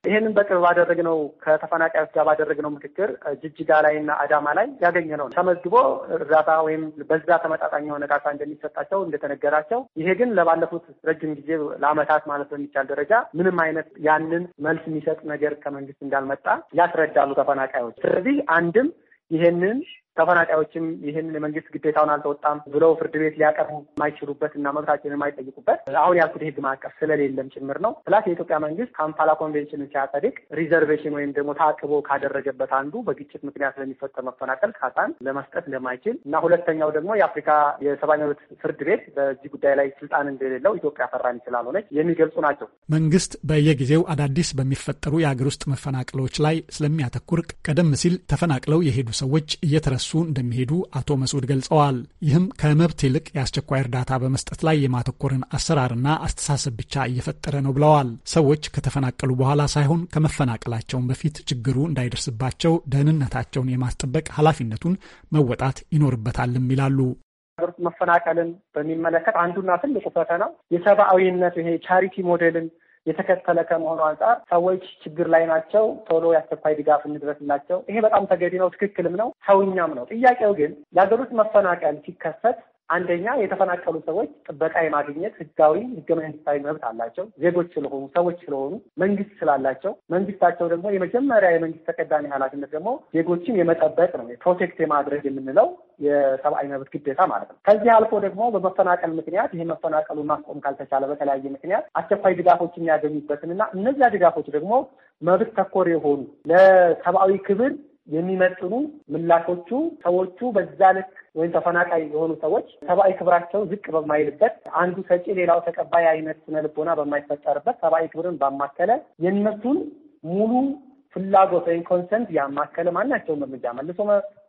ይህንን በቅርብ ባደረግነው ከተፈናቃዮች ጋር ባደረግነው ምክክር ጅጅጋ ላይ እና አዳማ ላይ ያገኘ ነው። ተመዝግቦ እርዳታ ወይም በዛ ተመጣጣኝ የሆነ ካሳ እንደሚሰጣቸው እንደተነገራቸው፣ ይሄ ግን ለባለፉት ረጅም ጊዜ ለአመታት ማለት በሚቻል ደረጃ ምንም አይነት ያንን መልስ የሚሰጥ ነገር ከመንግስት እንዳልመጣ ያስረዳሉ ተፈናቃዮች። ስለዚህ አንድም ይሄንን ተፈናቃዮችም ይህን የመንግስት ግዴታውን አልተወጣም ብለው ፍርድ ቤት ሊያቀርቡ የማይችሉበት እና መብታችን የማይጠይቁበት አሁን ያልኩት ህግ ማዕቀፍ ስለሌለም ጭምር ነው። ፕላስ የኢትዮጵያ መንግስት ካምፓላ ኮንቬንሽን ሲያጸድቅ ሪዘርቬሽን ወይም ደግሞ ታቅቦ ካደረገበት አንዱ በግጭት ምክንያት ለሚፈጠር መፈናቀል ካሳን ለመስጠት እንደማይችል እና ሁለተኛው ደግሞ የአፍሪካ የሰብአዊ መብት ፍርድ ቤት በዚህ ጉዳይ ላይ ስልጣን እንደሌለው ኢትዮጵያ ፈራሚ ስላልሆነች የሚገልጹ ናቸው። መንግስት በየጊዜው አዳዲስ በሚፈጠሩ የአገር ውስጥ መፈናቀሎች ላይ ስለሚያተኩር ቀደም ሲል ተፈናቅለው የሄዱ ሰዎች እየተረ እያነሱ እንደሚሄዱ አቶ መስዑድ ገልጸዋል። ይህም ከመብት ይልቅ የአስቸኳይ እርዳታ በመስጠት ላይ የማተኮርን አሰራርና አስተሳሰብ ብቻ እየፈጠረ ነው ብለዋል። ሰዎች ከተፈናቀሉ በኋላ ሳይሆን ከመፈናቀላቸውን በፊት ችግሩ እንዳይደርስባቸው ደህንነታቸውን የማስጠበቅ ኃላፊነቱን መወጣት ይኖርበታልም ይላሉ። መፈናቀልን በሚመለከት አንዱና ትልቁ ፈተና የሰብአዊነት ይሄ ቻሪቲ ሞዴልን የተከተለ ከመሆኑ አንጻር ሰዎች ችግር ላይ ናቸው፣ ቶሎ የአስቸኳይ ድጋፍ እንድረስላቸው። ይሄ በጣም ተገቢ ነው፣ ትክክልም ነው፣ ሰውኛም ነው። ጥያቄው ግን የሀገር ውስጥ መፈናቀል ሲከሰት አንደኛ የተፈናቀሉ ሰዎች ጥበቃ የማግኘት ህጋዊ ህገ መንግስታዊ መብት አላቸው። ዜጎች ስለሆኑ ሰዎች ስለሆኑ መንግስት ስላላቸው መንግስታቸው ደግሞ የመጀመሪያ የመንግስት ተቀዳሚ ኃላፊነት ደግሞ ዜጎችን የመጠበቅ ነው፣ ፕሮቴክት የማድረግ የምንለው የሰብአዊ መብት ግዴታ ማለት ነው። ከዚህ አልፎ ደግሞ በመፈናቀል ምክንያት ይህ መፈናቀሉን ማስቆም ካልተቻለ በተለያየ ምክንያት አስቸኳይ ድጋፎች የሚያገኙበትን እና እነዚያ ድጋፎች ደግሞ መብት ተኮር የሆኑ ለሰብአዊ ክብር የሚመጥኑ ምላሾቹ ሰዎቹ በዛ ልክ ወይም ተፈናቃይ የሆኑ ሰዎች ሰብአዊ ክብራቸው ዝቅ በማይልበት አንዱ ሰጪ ሌላው ተቀባይ አይነት ልቦና በማይፈጠርበት ሰብአዊ ክብርን ባማከለ የእነሱን ሙሉ ፍላጎት ወይም ኮንሰንት ያማከለ ማናቸውም እርምጃ መልሶ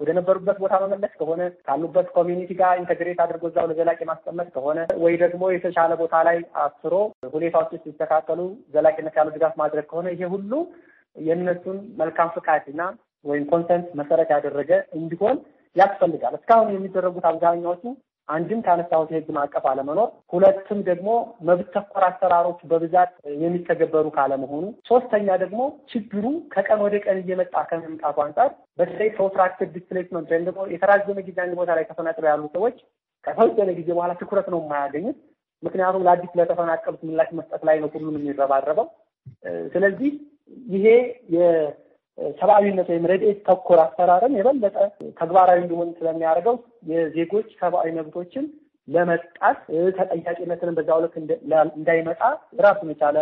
ወደ ነበሩበት ቦታ መመለስ ከሆነ ካሉበት ኮሚኒቲ ጋር ኢንተግሬት አድርጎ እዛው ለዘላቂ ማስቀመጥ ከሆነ ወይ ደግሞ የተሻለ ቦታ ላይ አስሮ ሁኔታዎች ሲስተካከሉ ዘላቂነት ያለው ድጋፍ ማድረግ ከሆነ ይሄ ሁሉ የእነሱን መልካም ፍቃድ ፍቃድና ወይም ኮንሰንት መሰረት ያደረገ እንዲሆን ያስፈልጋል። እስካሁን የሚደረጉት አብዛኛዎቹ አንድም ከአነሳሁት የህግ ማዕቀፍ አለመኖር፣ ሁለትም ደግሞ መብት ተኮር አሰራሮች በብዛት የሚተገበሩ ካለመሆኑ፣ ሶስተኛ ደግሞ ችግሩ ከቀን ወደ ቀን እየመጣ ከመምጣቱ አንጻር በተለይ ፕሮትራክትድ ዲስፕሌስመንት ወይም ደግሞ የተራዘመ ጊዜ አንድ ቦታ ላይ ተፈናቅለው ያሉ ሰዎች ከተወሰነ ጊዜ በኋላ ትኩረት ነው የማያገኙት። ምክንያቱም ለአዲስ ለተፈናቀሉት ምላሽ መስጠት ላይ ነው ሁሉም የሚረባረበው። ስለዚህ ይሄ ሰብአዊነት ወይም ረድኤት ተኮር አሰራርን የበለጠ ተግባራዊ እንዲሆን ስለሚያደርገው የዜጎች ሰብአዊ መብቶችን ለመጣት ተጠያቂነትን በዛ ሁለት እንዳይመጣ ራሱን የቻለ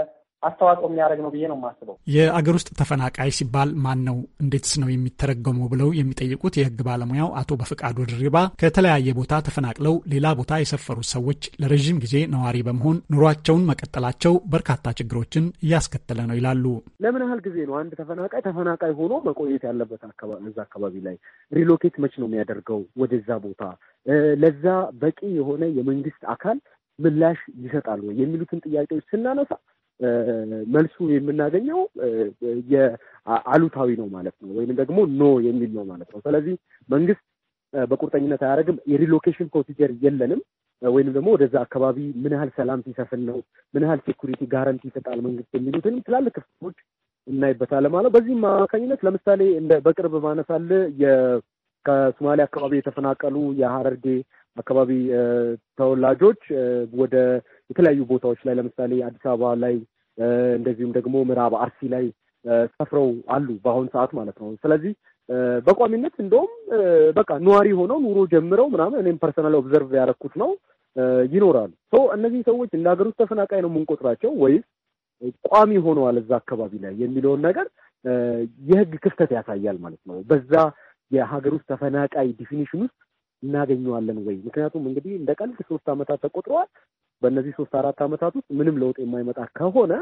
አስተዋጽኦ የሚያደርግ ነው ብዬ ነው የማስበው። የአገር ውስጥ ተፈናቃይ ሲባል ማን ነው? እንዴትስ ነው የሚተረገመው? ብለው የሚጠይቁት የህግ ባለሙያው አቶ በፍቃዱ ድሪባ ከተለያየ ቦታ ተፈናቅለው ሌላ ቦታ የሰፈሩ ሰዎች ለረዥም ጊዜ ነዋሪ በመሆን ኑሯቸውን መቀጠላቸው በርካታ ችግሮችን እያስከተለ ነው ይላሉ። ለምን ያህል ጊዜ ነው አንድ ተፈናቃይ ተፈናቃይ ሆኖ መቆየት ያለበት? እዛ አካባቢ ላይ ሪሎኬት መች ነው የሚያደርገው ወደዛ ቦታ? ለዛ በቂ የሆነ የመንግስት አካል ምላሽ ይሰጣል ወይ የሚሉትን ጥያቄዎች ስናነሳ መልሱ የምናገኘው የአሉታዊ ነው ማለት ነው፣ ወይም ደግሞ ኖ የሚል ነው ማለት ነው። ስለዚህ መንግስት በቁርጠኝነት አያደረግም የሪሎኬሽን ፕሮሲጀር የለንም ወይንም ደግሞ ወደዛ አካባቢ ምን ያህል ሰላም ሲሰፍን ነው፣ ምን ያህል ሴኩሪቲ ጋራንቲ ይሰጣል መንግስት የሚሉትንም ትላልቅ ክፍቶች እናይበታለን ማለት በዚህም አማካኝነት ለምሳሌ እንደ በቅርብ ማነሳል ከሶማሌ አካባቢ የተፈናቀሉ የሀረርጌ አካባቢ ተወላጆች ወደ የተለያዩ ቦታዎች ላይ ለምሳሌ አዲስ አበባ ላይ እንደዚሁም ደግሞ ምዕራብ አርሲ ላይ ሰፍረው አሉ በአሁን ሰዓት ማለት ነው። ስለዚህ በቋሚነት እንደውም በቃ ነዋሪ ሆነው ኑሮ ጀምረው ምናምን እኔም ፐርሰናል ኦብዘርቭ ያደረኩት ነው ይኖራሉ። እነዚህ ሰዎች እንደ ሀገር ውስጥ ተፈናቃይ ነው የምንቆጥራቸው ወይስ ቋሚ ሆነዋል እዛ አካባቢ ላይ የሚለውን ነገር የህግ ክፍተት ያሳያል ማለት ነው። በዛ የሀገር ውስጥ ተፈናቃይ ዲፊኒሽን ውስጥ እናገኘዋለን ወይ? ምክንያቱም እንግዲህ እንደ ቀልድ ሶስት ዓመታት ተቆጥረዋል። በእነዚህ ሶስት አራት ዓመታት ውስጥ ምንም ለውጥ የማይመጣ ከሆነ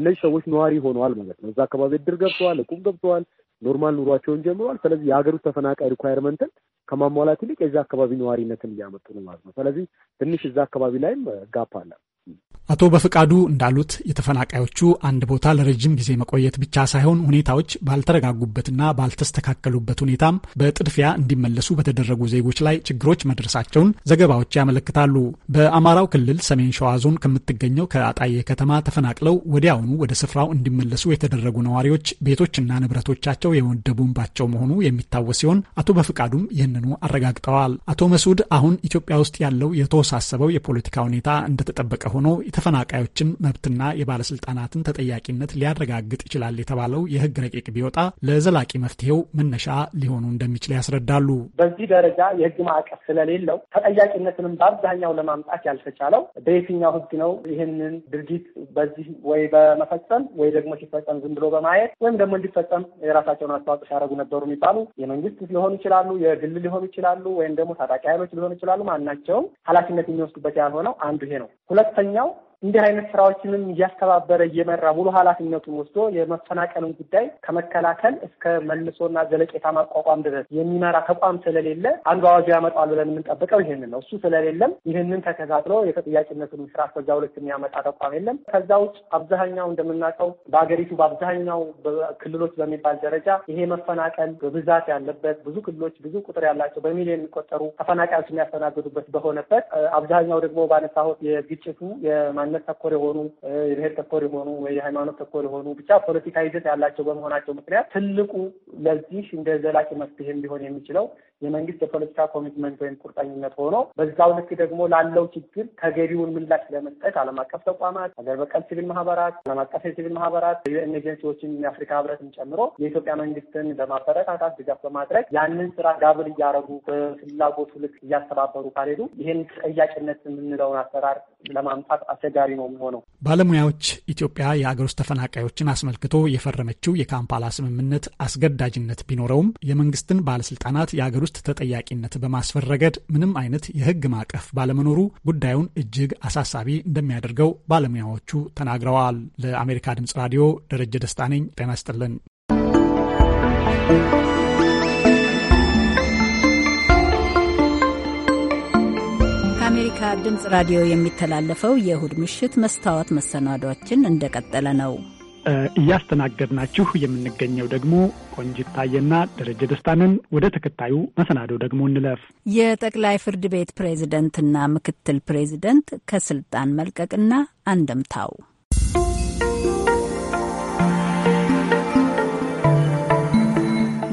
እነዚህ ሰዎች ነዋሪ ሆነዋል ማለት ነው። እዛ አካባቢ እድር ገብተዋል፣ እቁብ ገብተዋል፣ ኖርማል ኑሯቸውን ጀምረዋል። ስለዚህ የሀገር ውስጥ ተፈናቃይ ሪኳየርመንትን ከማሟላት ይልቅ የዛ አካባቢ ነዋሪነትን እያመጡ ነው ማለት ነው። ስለዚህ ትንሽ እዛ አካባቢ ላይም ጋፕ አለ። አቶ በፍቃዱ እንዳሉት የተፈናቃዮቹ አንድ ቦታ ለረጅም ጊዜ መቆየት ብቻ ሳይሆን ሁኔታዎች ባልተረጋጉበትና ባልተስተካከሉበት ሁኔታም በጥድፊያ እንዲመለሱ በተደረጉ ዜጎች ላይ ችግሮች መድረሳቸውን ዘገባዎች ያመለክታሉ። በአማራው ክልል ሰሜን ሸዋ ዞን ከምትገኘው ከአጣዬ ከተማ ተፈናቅለው ወዲያውኑ ወደ ስፍራው እንዲመለሱ የተደረጉ ነዋሪዎች ቤቶችና ንብረቶቻቸው የወደቡባቸው መሆኑ የሚታወስ ሲሆን አቶ በፍቃዱም ይህንኑ አረጋግጠዋል። አቶ መስዑድ አሁን ኢትዮጵያ ውስጥ ያለው የተወሳሰበው የፖለቲካ ሁኔታ እንደተጠበቀ ሆኖ የተፈናቃዮችን መብትና የባለስልጣናትን ተጠያቂነት ሊያረጋግጥ ይችላል የተባለው የህግ ረቂቅ ቢወጣ ለዘላቂ መፍትሄው መነሻ ሊሆኑ እንደሚችል ያስረዳሉ። በዚህ ደረጃ የህግ ማዕቀፍ ስለሌለው ተጠያቂነትንም በአብዛኛው ለማምጣት ያልተቻለው በየትኛው ህግ ነው ይህንን ድርጊት በዚህ ወይ በመፈጸም ወይ ደግሞ ሲፈጸም ዝም ብሎ በማየት ወይም ደግሞ እንዲፈጸም የራሳቸውን አስተዋጽኦ ሲያደርጉ ነበሩ የሚባሉ የመንግስት ሊሆኑ ይችላሉ፣ የግል ሊሆኑ ይችላሉ፣ ወይም ደግሞ ታጣቂ ኃይሎች ሊሆኑ ይችላሉ። ማናቸውም ኃላፊነት የሚወስዱበት ያልሆነው አንዱ ይሄ ነው። ሁለት ሰራተኛው እንዲህ አይነት ስራዎችንም እያስተባበረ እየመራ ሙሉ ኃላፊነቱን ወስዶ የመፈናቀልን ጉዳይ ከመከላከል እስከ መልሶና ዘለቄታ ማቋቋም ድረስ የሚመራ ተቋም ስለሌለ አንዱ አዋጅ ያመጣል ብለን የምንጠብቀው ይህንን ነው። እሱ ስለሌለም ይህንን ተከታትሎ የተጠያቂነቱን ስራ ከዛ ሁለት የሚያመጣ ተቋም የለም። ከዛ ውጭ አብዛኛው እንደምናውቀው በሀገሪቱ በአብዛኛው ክልሎች በሚባል ደረጃ ይሄ መፈናቀል በብዛት ያለበት ብዙ ክልሎች ብዙ ቁጥር ያላቸው በሚሊዮን የሚቆጠሩ ተፈናቃዮች የሚያስተናግዱበት በሆነበት አብዛኛው ደግሞ ባነሳሁት የግጭቱ የማ እምነት ተኮር የሆኑ የብሔር ተኮር የሆኑ ወይ የሃይማኖት ተኮር የሆኑ ብቻ ፖለቲካ ይዘት ያላቸው በመሆናቸው ምክንያት ትልቁ ለዚህ እንደ ዘላቂ መፍትሄም ሊሆን የሚችለው የመንግስት የፖለቲካ ኮሚትመንት ወይም ቁርጠኝነት ሆኖ በዛው ልክ ደግሞ ላለው ችግር ተገቢውን ምላሽ ለመስጠት ዓለም አቀፍ ተቋማት፣ ሀገር በቀል ሲቪል ማህበራት፣ ዓለም አቀፍ የሲቪል ማህበራት፣ ኤጀንሲዎችን የአፍሪካ ህብረትን ጨምሮ የኢትዮጵያ መንግስትን በማበረታታት ድጋፍ በማድረግ ያንን ስራ ጋብል እያደረጉ በፍላጎቱ ልክ እያስተባበሩ ካልሄዱ ይህን ተጠያቂነት የምንለውን አሰራር ለማምጣት አስቸጋሪ አስቸጋሪ ነው የሚሆነው። ባለሙያዎች ኢትዮጵያ የአገር ውስጥ ተፈናቃዮችን አስመልክቶ የፈረመችው የካምፓላ ስምምነት አስገዳጅነት ቢኖረውም የመንግስትን ባለስልጣናት የአገር ውስጥ ተጠያቂነት በማስፈር ረገድ ምንም አይነት የህግ ማዕቀፍ ባለመኖሩ ጉዳዩን እጅግ አሳሳቢ እንደሚያደርገው ባለሙያዎቹ ተናግረዋል። ለአሜሪካ ድምጽ ራዲዮ ደረጀ ደስታ ነኝ። ጤና ይስጥልን። ከአሜሪካ ድምፅ ራዲዮ የሚተላለፈው የእሁድ ምሽት መስታወት መሰናዷችን እንደቀጠለ ነው። እያስተናገድናችሁ የምንገኘው ደግሞ ቆንጅታየና ደረጀ ደስታንን። ወደ ተከታዩ መሰናዶ ደግሞ እንለፍ። የጠቅላይ ፍርድ ቤት ፕሬዝደንትና ምክትል ፕሬዝደንት ከስልጣን መልቀቅና አንደምታው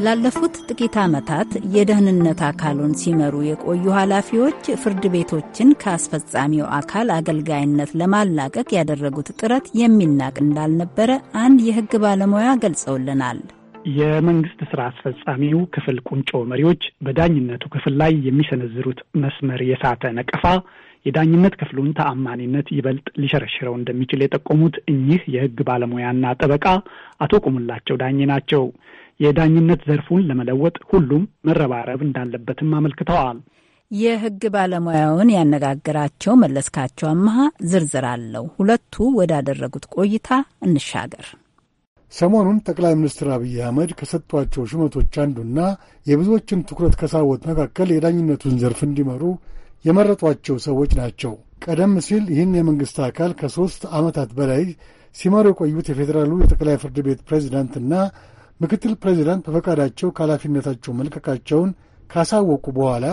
ላለፉት ጥቂት ዓመታት የደህንነት አካሉን ሲመሩ የቆዩ ኃላፊዎች ፍርድ ቤቶችን ከአስፈጻሚው አካል አገልጋይነት ለማላቀቅ ያደረጉት ጥረት የሚናቅ እንዳልነበረ አንድ የሕግ ባለሙያ ገልጸውልናል። የመንግስት ስራ አስፈጻሚው ክፍል ቁንጮ መሪዎች በዳኝነቱ ክፍል ላይ የሚሰነዝሩት መስመር የሳተ ነቀፋ የዳኝነት ክፍሉን ተአማኒነት ይበልጥ ሊሸረሽረው እንደሚችል የጠቆሙት እኚህ የህግ ባለሙያና ጠበቃ አቶ ቁሙላቸው ዳኜ ናቸው። የዳኝነት ዘርፉን ለመለወጥ ሁሉም መረባረብ እንዳለበትም አመልክተዋል። የህግ ባለሙያውን ያነጋግራቸው መለስካቸው አመሃ ዝርዝር አለው። ሁለቱ ወዳደረጉት ቆይታ እንሻገር። ሰሞኑን ጠቅላይ ሚኒስትር አብይ አህመድ ከሰጧቸው ሹመቶች አንዱና የብዙዎችን ትኩረት ከሳቦት መካከል የዳኝነቱን ዘርፍ እንዲመሩ የመረጧቸው ሰዎች ናቸው። ቀደም ሲል ይህን የመንግሥት አካል ከሦስት ዓመታት በላይ ሲመሩ የቆዩት የፌዴራሉ የጠቅላይ ፍርድ ቤት ፕሬዚዳንትና ምክትል ፕሬዚዳንት በፈቃዳቸው ከኃላፊነታቸው መልቀቃቸውን ካሳወቁ በኋላ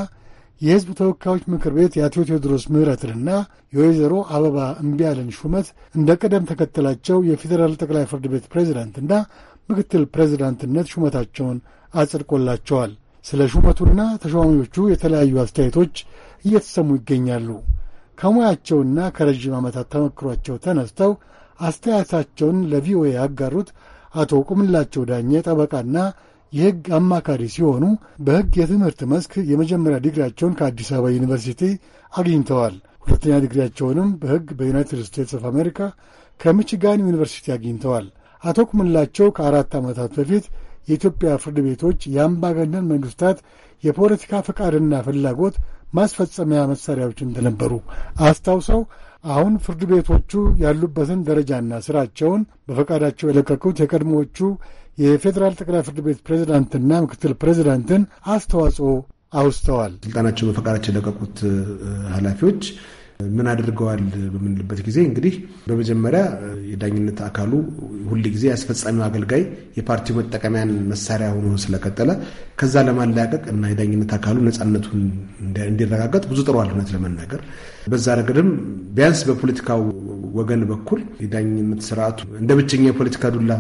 የሕዝብ ተወካዮች ምክር ቤት የአቶ ቴዎድሮስ ምህረትንና የወይዘሮ አበባ እምቢያለን ሹመት እንደ ቅደም ተከተላቸው የፌዴራል ጠቅላይ ፍርድ ቤት ፕሬዚዳንትና ምክትል ፕሬዚዳንትነት ሹመታቸውን አጽድቆላቸዋል። ስለ ሹመቱና ተሿሚዎቹ የተለያዩ አስተያየቶች እየተሰሙ ይገኛሉ። ከሙያቸውና ከረዥም ዓመታት ተመክሯቸው ተነስተው አስተያየታቸውን ለቪኦኤ ያጋሩት አቶ ቁምላቸው ዳኘ ጠበቃና የሕግ አማካሪ ሲሆኑ በሕግ የትምህርት መስክ የመጀመሪያ ዲግሪያቸውን ከአዲስ አበባ ዩኒቨርሲቲ አግኝተዋል። ሁለተኛ ዲግሪያቸውንም በሕግ በዩናይትድ ስቴትስ ኦፍ አሜሪካ ከሚችጋን ዩኒቨርሲቲ አግኝተዋል። አቶ ቁምላቸው ከአራት ዓመታት በፊት የኢትዮጵያ ፍርድ ቤቶች የአምባገነን መንግሥታት የፖለቲካ ፈቃድና ፍላጎት ማስፈጸሚያ መሣሪያዎች እንደነበሩ አስታውሰው አሁን ፍርድ ቤቶቹ ያሉበትን ደረጃና ስራቸውን በፈቃዳቸው የለቀቁት የቀድሞዎቹ የፌዴራል ጠቅላይ ፍርድ ቤት ፕሬዚዳንትና ምክትል ፕሬዚዳንትን አስተዋጽኦ አውስተዋል። ስልጣናቸው በፈቃዳቸው የለቀቁት ኃላፊዎች ምን አድርገዋል በምንልበት ጊዜ እንግዲህ በመጀመሪያ የዳኝነት አካሉ ሁል ጊዜ አስፈጻሚው አገልጋይ የፓርቲው መጠቀሚያን መሳሪያ ሆኖ ስለቀጠለ ከዛ ለማለያቀቅ እና የዳኝነት አካሉ ነፃነቱን እንዲረጋገጥ ብዙ ጥሩ አልነት ለመናገር በዛ ረገድም ቢያንስ በፖለቲካው ወገን በኩል የዳኝነት ስርዓቱ እንደ ብቸኛ የፖለቲካ ዱላ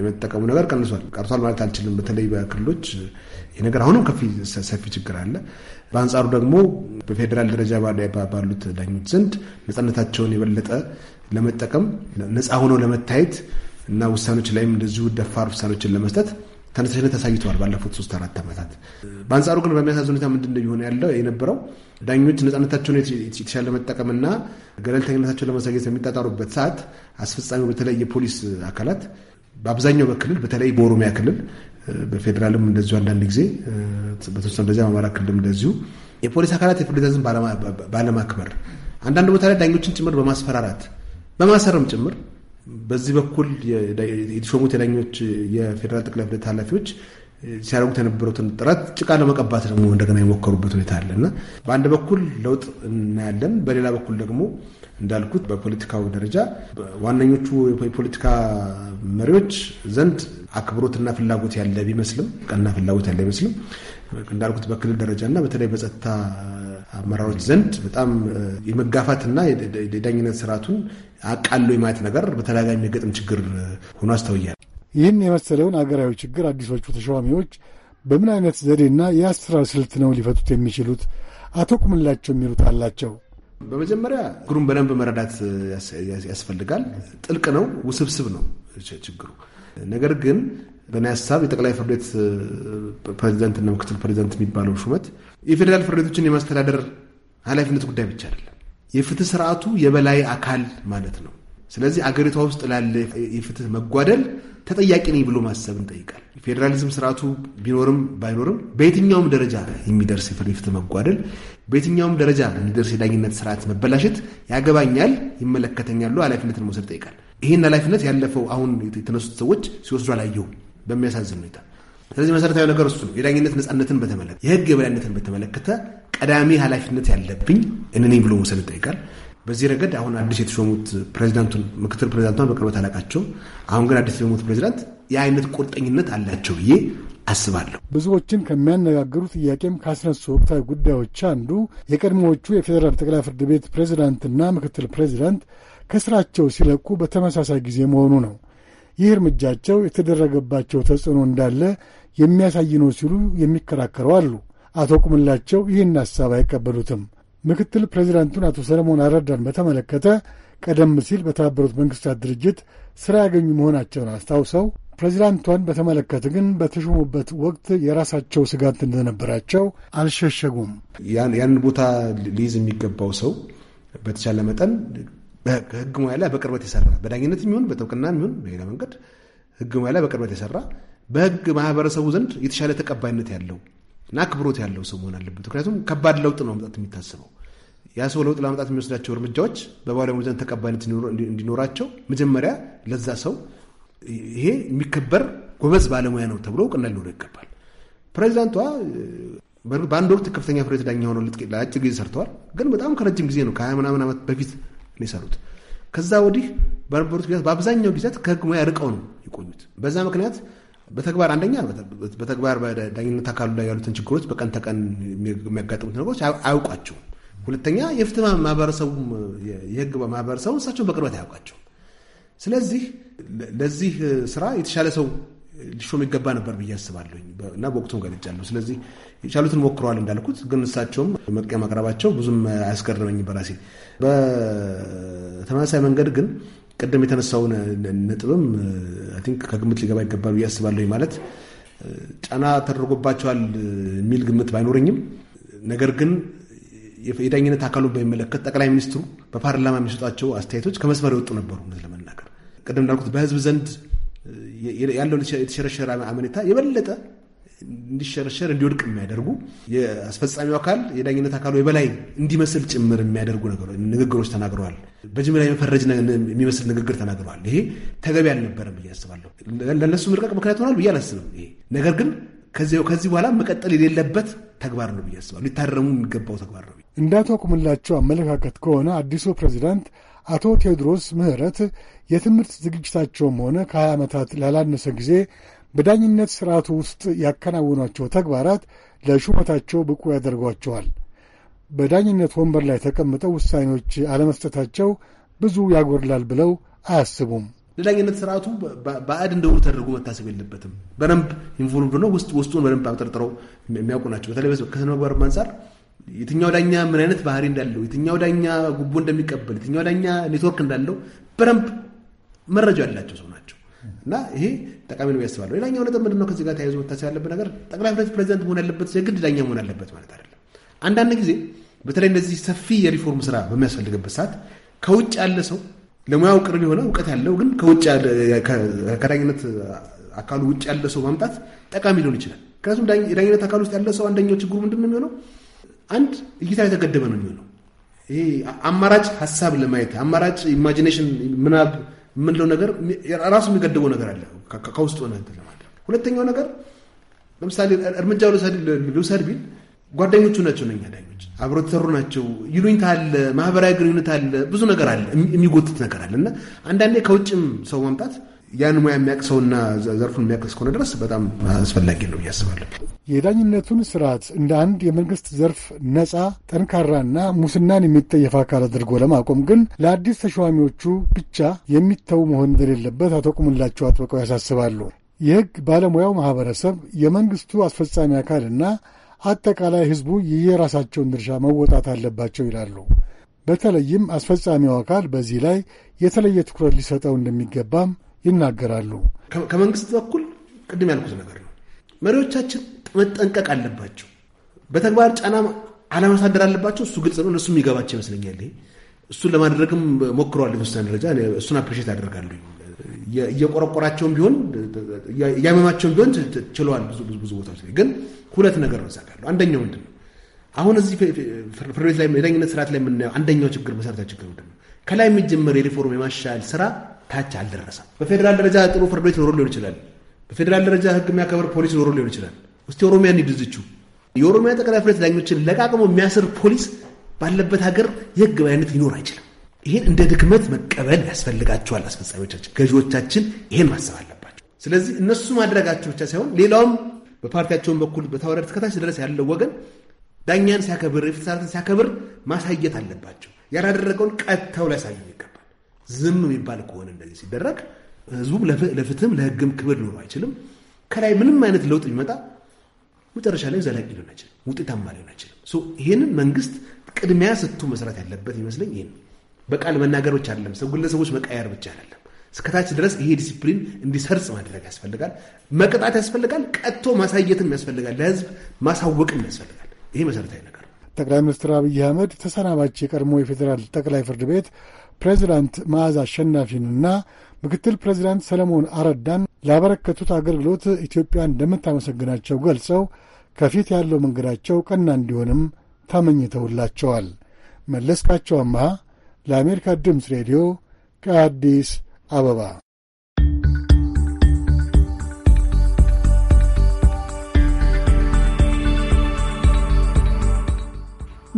የመጠቀሙ ነገር ቀንሷል። ቀርቷል ማለት አልችልም። በተለይ በክልሎች ይህ ነገር አሁንም ሰፊ ችግር አለ። በአንጻሩ ደግሞ በፌዴራል ደረጃ ባሉት ዳኞች ዘንድ ነፃነታቸውን የበለጠ ለመጠቀም ነፃ ሆኖ ለመታየት እና ውሳኔዎች ላይም እንደዚሁ ደፋር ውሳኔዎችን ለመስጠት ተነሳሽነት አሳይተዋል ባለፉት ሶስት አራት ዓመታት። በአንጻሩ ግን በሚያሳዝ ሁኔታ ምንድን ነው የሆነ ያለው የነበረው ዳኞች ነፃነታቸውን የተሻለ መጠቀምና ገለልተኝነታቸውን ለማሳየት በሚጣጣሩበት ሰዓት አስፈጻሚው በተለይ የፖሊስ አካላት በአብዛኛው በክልል በተለይ በኦሮሚያ ክልል በፌዴራልም እንደዚሁ አንዳንድ ጊዜ በተወሰነ ደረጃ በአማራ ክልልም እንደዚሁ የፖሊስ አካላት የፍርድ ትዕዛዝን ባለማክበር አንዳንድ ቦታ ላይ ዳኞችን ጭምር በማስፈራራት በማሰርም ጭምር በዚህ በኩል የተሾሙት የዳኞች የፌዴራል ጠቅላይ ፍርድ ቤት ኃላፊዎች ሲያደርጉት የነበሩትን ጥረት ጭቃ ለመቀባት ደግሞ እንደገና የሞከሩበት ሁኔታ አለ እና በአንድ በኩል ለውጥ እናያለን፣ በሌላ በኩል ደግሞ እንዳልኩት በፖለቲካው ደረጃ ዋነኞቹ የፖለቲካ መሪዎች ዘንድ አክብሮትና ፍላጎት ያለ ቢመስልም ቀና ፍላጎት ያለ ቢመስልም እንዳልኩት በክልል ደረጃ እና በተለይ በጸጥታ አመራሮች ዘንድ በጣም የመጋፋትና የዳኝነት ስርዓቱን አቃሎ የማየት ነገር በተደጋጋሚ የሚገጥም ችግር ሆኖ አስተውያል። ይህን የመሰለውን አገራዊ ችግር አዲሶቹ ተሿሚዎች በምን አይነት ዘዴና የአሰራር ስልት ነው ሊፈቱት የሚችሉት? አቶ ቁምላቸው የሚሉት አላቸው። በመጀመሪያ ችግሩን በደንብ መረዳት ያስፈልጋል። ጥልቅ ነው፣ ውስብስብ ነው ችግሩ። ነገር ግን በእኔ ሀሳብ የጠቅላይ ፍርድ ቤት ፕሬዚደንትና ምክትል ፕሬዚደንት የሚባለው ሹመት የፌዴራል ፍርድ ቤቶችን የማስተዳደር ኃላፊነት ጉዳይ ብቻ አይደለም፣ የፍትህ ስርዓቱ የበላይ አካል ማለት ነው። ስለዚህ አገሪቷ ውስጥ ላለ የፍትህ መጓደል ተጠያቂ ነኝ ብሎ ማሰብ እንጠይቃል። ፌዴራሊዝም ስርዓቱ ቢኖርም ባይኖርም በየትኛውም ደረጃ የሚደርስ የፍትህ መጓደል፣ በየትኛውም ደረጃ የሚደርስ የዳኝነት ስርዓት መበላሸት ያገባኛል፣ ይመለከተኛሉ፣ ኃላፊነትን መውሰድ ጠይቃል። ይህን ኃላፊነት ያለፈው አሁን የተነሱት ሰዎች ሲወስዱ አላየሁም በሚያሳዝን ሁኔታ። ስለዚህ መሰረታዊ ነገር እሱ ነው። የዳኝነት ነፃነትን በተመለከተ የህግ የበላይነትን በተመለከተ ቀዳሚ ኃላፊነት ያለብኝ እኔ ነኝ ብሎ መውሰድ ይጠይቃል። በዚህ ረገድ አሁን አዲስ የተሾሙት ፕሬዚዳንቱን ምክትል ፕሬዚዳንቷን በቅርበት አላቃቸው። አሁን ግን አዲስ የተሾሙት ፕሬዚዳንት የአይነት ቁርጠኝነት አላቸው ብዬ አስባለሁ። ብዙዎችን ከሚያነጋግሩ ጥያቄም ካስነሱ ወቅታዊ ጉዳዮች አንዱ የቀድሞዎቹ የፌዴራል ጠቅላይ ፍርድ ቤት ፕሬዚዳንትና ምክትል ፕሬዚዳንት ከስራቸው ሲለቁ በተመሳሳይ ጊዜ መሆኑ ነው። ይህ እርምጃቸው የተደረገባቸው ተጽዕኖ እንዳለ የሚያሳይ ነው ሲሉ የሚከራከሩ አሉ። አቶ ቁምላቸው ይህን ሐሳብ አይቀበሉትም። ምክትል ፕሬዚዳንቱን አቶ ሰለሞን አረዳን በተመለከተ ቀደም ሲል በተባበሩት መንግስታት ድርጅት ሥራ ያገኙ መሆናቸውን አስታውሰው ፕሬዚዳንቷን በተመለከተ ግን በተሾሙበት ወቅት የራሳቸው ስጋት እንደነበራቸው አልሸሸጉም። ያን ቦታ ሊይዝ የሚገባው ሰው በተቻለ መጠን ህግ ሙያ ላይ በቅርበት የሰራ በዳኝነት የሚሆን በጥብቅና የሚሆን በሌላ መንገድ ህግ ሙያ ላይ በቅርበት የሰራ በህግ ማህበረሰቡ ዘንድ የተሻለ ተቀባይነት ያለው እና አክብሮት ያለው ሰው መሆን አለበት። ምክንያቱም ከባድ ለውጥ ነው ማምጣት የሚታስበው። ያ ሰው ለውጥ ለማምጣት የሚወስዳቸው እርምጃዎች በባለሙያ ዘንድ ተቀባይነት እንዲኖራቸው መጀመሪያ ለዛ ሰው ይሄ የሚከበር ጎበዝ ባለሙያ ነው ተብሎ እውቅና ሊኖረው ይገባል። ፕሬዚዳንቷ በአንድ ወቅት ከፍተኛ ፍርድ ቤት ዳኛ ሆነው ለአጭር ጊዜ ሰርተዋል። ግን በጣም ከረጅም ጊዜ ነው፣ ከሀያ ምናምን ዓመት በፊት ነው የሰሩት። ከዛ ወዲህ በነበሩት ጊዜያት በአብዛኛው ጊዜያት ከህግ ሙያ ርቀው ነው የቆዩት። በዛ ምክንያት በተግባር አንደኛ በተግባር በዳኝነት አካሉ ላይ ያሉትን ችግሮች በቀን ተቀን የሚያጋጥሙት ነገሮች አያውቋቸውም። ሁለተኛ የፍትህ ማህበረሰቡም የህግ ማህበረሰቡ እሳቸውን በቅርበት አያውቋቸውም። ስለዚህ ለዚህ ስራ የተሻለ ሰው ሊሾም ይገባ ነበር ብዬ አስባለሁኝ እና በወቅቱም ገልጫለሁ። ስለዚህ የቻሉትን ሞክረዋል እንዳልኩት፣ ግን እሳቸውም መቅያ ማቅረባቸው ብዙም አያስገርመኝ በራሴ በተመሳሳይ መንገድ ግን ቅድም የተነሳውን ነጥብም አይ ቲንክ ከግምት ሊገባ ይገባል ብዬ አስባለሁ። ማለት ጫና ተደርጎባቸዋል የሚል ግምት ባይኖረኝም ነገር ግን የዳኝነት አካሉን በሚመለከት ጠቅላይ ሚኒስትሩ በፓርላማ የሚሰጧቸው አስተያየቶች ከመስመር የወጡ ነበሩ። ለመናገር ቅድም እንዳልኩት በህዝብ ዘንድ ያለው የተሸረሸረ አመኔታ የበለጠ እንዲሸረሸር እንዲወድቅ የሚያደርጉ የአስፈጻሚው አካል የዳኝነት አካሉ የበላይ እንዲመስል ጭምር የሚያደርጉ ንግግሮች ተናግረዋል። በጅምላ የመፈረጅ የሚመስል ንግግር ተናግረዋል። ይሄ ተገቢ አልነበረም ብዬ አስባለሁ። ለእነሱ ምርቀቅ ምክንያት ሆናል ብዬ አላስብም። ይሄ ነገር ግን ከዚህ በኋላ መቀጠል የሌለበት ተግባር ነው ብዬ አስባለሁ። ሊታረሙ የሚገባው ተግባር ነው። እንደ አቶ አቁምላቸው አመለካከት ከሆነ አዲሱ ፕሬዚዳንት አቶ ቴዎድሮስ ምህረት የትምህርት ዝግጅታቸውም ሆነ ከ ዓመታት ላላነሰ ጊዜ በዳኝነት ስርዓቱ ውስጥ ያከናወኗቸው ተግባራት ለሹመታቸው ብቁ ያደርጓቸዋል። በዳኝነት ወንበር ላይ ተቀምጠው ውሳኔዎች አለመስጠታቸው ብዙ ያጎድላል ብለው አያስቡም። ለዳኝነት ስርዓቱ እንደ እንደሆኑ ተደርጎ መታሰብ የለበትም። በደንብ ኢንቮልቭ ነው። ውስጡን በደንብ አብጠርጥረው የሚያውቁ ናቸው። በተለይ ከስነ መግባር አንጻር የትኛው ዳኛ ምን አይነት ባህሪ እንዳለው፣ የትኛው ዳኛ ጉቦ እንደሚቀበል፣ የትኛው ዳኛ ኔትወርክ እንዳለው በደንብ መረጃ ያላቸው ሰው እና ይሄ ጠቃሚ ነው ያስባለሁ። ሌላኛው ነጥብ ምንድነው ከዚህ ጋር ተያይዞ መታሰብ ያለበት ነገር ጠቅላይ ፍርድ ቤት ፕሬዚዳንት መሆን ያለበት የግድ ዳኛ መሆን ያለበት ማለት አይደለም። አንዳንድ ጊዜ በተለይ እንደዚህ ሰፊ የሪፎርም ስራ በሚያስፈልግበት ሰዓት ከውጭ ያለ ሰው ለሙያው ቅርብ የሆነ እውቀት ያለው ግን ከውጭ ከዳኝነት አካሉ ውጭ ያለ ሰው ማምጣት ጠቃሚ ሊሆን ይችላል። ምክንያቱም የዳኝነት አካል ውስጥ ያለ ሰው አንደኛው ችግሩ ምንድን ነው የሚሆነው? አንድ እይታ የተገደበ ነው የሚሆነው። ይሄ አማራጭ ሀሳብ ለማየት አማራጭ ኢማጂኔሽን ምናብ የምንለው ነገር ራሱ የሚገድበው ነገር አለ ከውስጥ ሆነ ለማድረግ። ሁለተኛው ነገር ለምሳሌ እርምጃ ልውሰድ ቢል ጓደኞቹ ናቸው እነኛ ዳኞች አብረው የተሰሩ ናቸው። ይሉኝታ አለ፣ ማህበራዊ ግንኙነት አለ፣ ብዙ ነገር አለ፣ የሚጎትት ነገር አለ እና አንዳንዴ ከውጭም ሰው ማምጣት ያን ሙያ የሚያቅሰውና ዘርፉን የሚያቅ እስከሆነ ድረስ በጣም አስፈላጊ ነው ብዬ የዳኝነቱን ስርዓት እንደ አንድ የመንግስት ዘርፍ ነጻ፣ ጠንካራና ሙስናን የሚጠየፍ አካል አድርጎ ለማቆም ግን ለአዲስ ተሿሚዎቹ ብቻ የሚተው መሆን እንደሌለበት አቶ ቁምላቸው አጥብቀው ያሳስባሉ። የህግ ባለሙያው ማህበረሰብ፣ የመንግስቱ አስፈጻሚ አካልና አጠቃላይ ህዝቡ የየራሳቸውን ድርሻ መወጣት አለባቸው ይላሉ። በተለይም አስፈጻሚው አካል በዚህ ላይ የተለየ ትኩረት ሊሰጠው እንደሚገባም ይናገራሉ። ከመንግስት በኩል ቅድም ያልኩት ነገር ነው። መሪዎቻችን መጠንቀቅ አለባቸው። በተግባር ጫና አለማሳደር አለባቸው። እሱ ግልጽ ነው። እነሱ የሚገባቸው ይመስለኛል። እሱን ለማድረግም ሞክረዋል። የተወሰነ ደረጃ እሱን አፕሪሼት አደርጋለሁ። እየቆረቆራቸውም ቢሆን እያመማቸውም ቢሆን ችለዋል። ብዙ ቦታዎች ላይ ግን ሁለት ነገር ነው አንደኛው ምንድን ነው አሁን እዚህ ፍርድ ቤት ላይ የዳኝነት ስርዓት ላይ የምናየው አንደኛው ችግር መሰረታዊ ችግር ምንድን ነው? ከላይ የሚጀመር የሪፎርም የማሻል ስራ ታች አልደረሰም። በፌዴራል ደረጃ ጥሩ ፍርድ ቤት ኖሮ ሊሆን ይችላል። በፌዴራል ደረጃ ህግ የሚያከብር ፖሊስ ኖሮ ሊሆን ይችላል። ውስጥ የኦሮሚያን ይድዝቹ የኦሮሚያ ጠቅላይ ፍርድ ቤት ዳኞችን ለቃቅሞ የሚያስር ፖሊስ ባለበት ሀገር የህግ በላይነት ሊኖር አይችልም። ይህን እንደ ድክመት መቀበል ያስፈልጋቸዋል። አስፈጻሚዎቻችን፣ ገዢዎቻችን ይህን ማሰብ አለባቸው። ስለዚህ እነሱ ማድረጋቸው ብቻ ሳይሆን ሌላውም በፓርቲያቸውን በኩል በተዋረድ እስከታች ድረስ ያለው ወገን ዳኛን ሲያከብር፣ የፍትህ ስርዓትን ሲያከብር ማሳየት አለባቸው። ያላደረገውን ቀጥተው ሊያሳዩ ይገባል። ዝም የሚባል ከሆነ እንደዚህ ሲደረግ ህዝቡም ለፍትህም ለህግም ክብር ሊኖሩ አይችልም። ከላይ ምንም አይነት ለውጥ ቢመጣ መጨረሻ ላይ ዘላቂ ሊሆን አይችልም፣ ውጤታማ ሊሆን አይችልም። ይህንን መንግስት ቅድሚያ ስቱ መስራት ያለበት ይመስለኝ ይህ በቃል መናገር ብቻ አይደለም፣ ሰው ግለሰቦች መቀየር ብቻ አይደለም። እስከታች ድረስ ይሄ ዲሲፕሊን እንዲሰርጽ ማድረግ ያስፈልጋል፣ መቅጣት ያስፈልጋል፣ ቀጥቶ ማሳየትም ያስፈልጋል፣ ለህዝብ ማሳወቅም ያስፈልጋል። ይሄ መሰረታዊ ነገር ነው። ጠቅላይ ሚኒስትር አብይ አህመድ ተሰናባች የቀድሞ የፌዴራል ጠቅላይ ፍርድ ቤት ፕሬዚዳንት መዓዛ አሸናፊንና ምክትል ፕሬዚዳንት ሰለሞን አረዳን ላበረከቱት አገልግሎት ኢትዮጵያ እንደምታመሰግናቸው ገልጸው ከፊት ያለው መንገዳቸው ቀና እንዲሆንም ተመኝተውላቸዋል። መለስካቸው አምሃ ለአሜሪካ ድምፅ ሬዲዮ ከአዲስ አበባ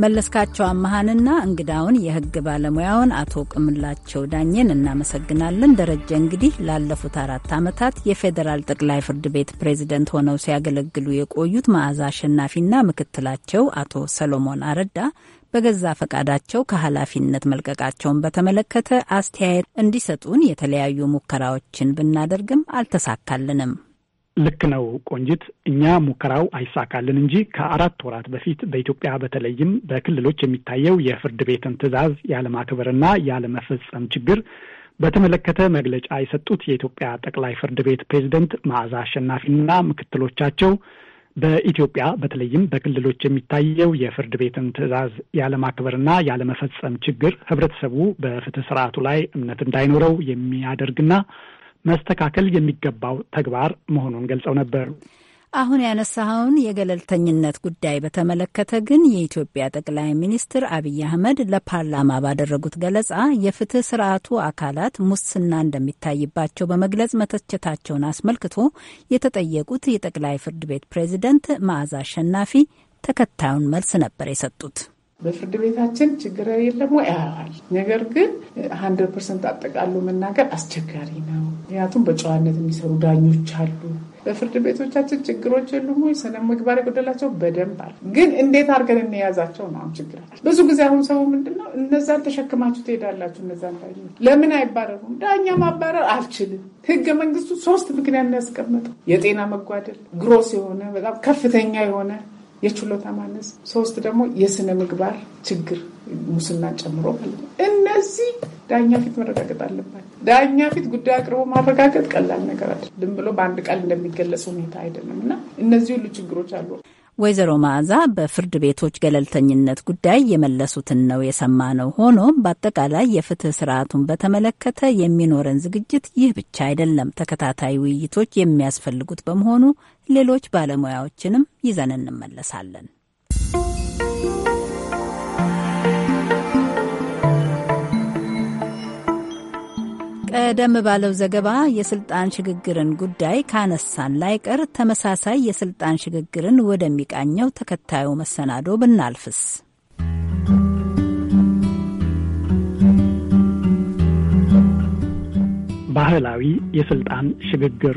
መለስካቸው አመሃንና እንግዳውን የህግ ባለሙያውን አቶ ቅምላቸው ዳኘን እናመሰግናለን። ደረጀ እንግዲህ ላለፉት አራት ዓመታት የፌዴራል ጠቅላይ ፍርድ ቤት ፕሬዝደንት ሆነው ሲያገለግሉ የቆዩት መዓዛ አሸናፊና ምክትላቸው አቶ ሰሎሞን አረዳ በገዛ ፈቃዳቸው ከኃላፊነት መልቀቃቸውን በተመለከተ አስተያየት እንዲሰጡን የተለያዩ ሙከራዎችን ብናደርግም አልተሳካልንም። ልክ ነው ቆንጅት። እኛ ሙከራው አይሳካልን እንጂ ከአራት ወራት በፊት በኢትዮጵያ በተለይም በክልሎች የሚታየው የፍርድ ቤትን ትዕዛዝ ያለማክበርና ያለመፈጸም ችግር በተመለከተ መግለጫ የሰጡት የኢትዮጵያ ጠቅላይ ፍርድ ቤት ፕሬዝደንት መዓዛ አሸናፊና ምክትሎቻቸው በኢትዮጵያ በተለይም በክልሎች የሚታየው የፍርድ ቤትን ትዕዛዝ ያለማክበርና ያለመፈጸም ችግር ህብረተሰቡ በፍትህ ስርዓቱ ላይ እምነት እንዳይኖረው የሚያደርግና መስተካከል የሚገባው ተግባር መሆኑን ገልጸው ነበር። አሁን ያነሳኸውን የገለልተኝነት ጉዳይ በተመለከተ ግን የኢትዮጵያ ጠቅላይ ሚኒስትር አብይ አህመድ ለፓርላማ ባደረጉት ገለጻ የፍትህ ስርዓቱ አካላት ሙስና እንደሚታይባቸው በመግለጽ መተቸታቸውን አስመልክቶ የተጠየቁት የጠቅላይ ፍርድ ቤት ፕሬዝደንት መዓዛ አሸናፊ ተከታዩን መልስ ነበር የሰጡት። በፍርድ ቤታችን ችግር የለም ወይ ያዋል። ነገር ግን ሀንድረድ ፐርሰንት አጠቃሉ መናገር አስቸጋሪ ነው። ምክንያቱም በጨዋነት የሚሰሩ ዳኞች አሉ። በፍርድ ቤቶቻችን ችግሮች የሉም ወይ? ስነ ምግባር የጎደላቸው በደንብ አለ። ግን እንዴት አድርገን እንያዛቸው ነው አሁን ችግር። ብዙ ጊዜ አሁን ሰው ምንድነው እነዛን ተሸክማችሁ ትሄዳላችሁ። እነዛን ዳኞች ለምን አይባረሩም? ዳኛ ማባረር አልችልም። ህገ መንግስቱ ሶስት ምክንያት ነው ያስቀመጠው። የጤና መጓደል ግሮስ የሆነ በጣም ከፍተኛ የሆነ የችሎታ ማነስ፣ ሶስት ደግሞ የስነ ምግባር ችግር ሙስናን ጨምሮ ማለት ነው። እነዚህ ዳኛ ፊት መረጋገጥ አለባት። ዳኛ ፊት ጉዳይ አቅርቦ ማረጋገጥ ቀላል ነገር አለ፣ ዝም ብሎ በአንድ ቃል እንደሚገለጽ ሁኔታ አይደለም እና እነዚህ ሁሉ ችግሮች አሉ። ወይዘሮ መዓዛ በፍርድ ቤቶች ገለልተኝነት ጉዳይ የመለሱትን ነው የሰማ ነው። ሆኖም በአጠቃላይ የፍትህ ስርዓቱን በተመለከተ የሚኖረን ዝግጅት ይህ ብቻ አይደለም፣ ተከታታይ ውይይቶች የሚያስፈልጉት በመሆኑ ሌሎች ባለሙያዎችንም ይዘን እንመለሳለን። ቀደም ባለው ዘገባ የስልጣን ሽግግርን ጉዳይ ካነሳን ላይ ቀር ተመሳሳይ የስልጣን ሽግግርን ወደሚቃኘው ተከታዩ መሰናዶ ብናልፍስ? ባህላዊ የስልጣን ሽግግር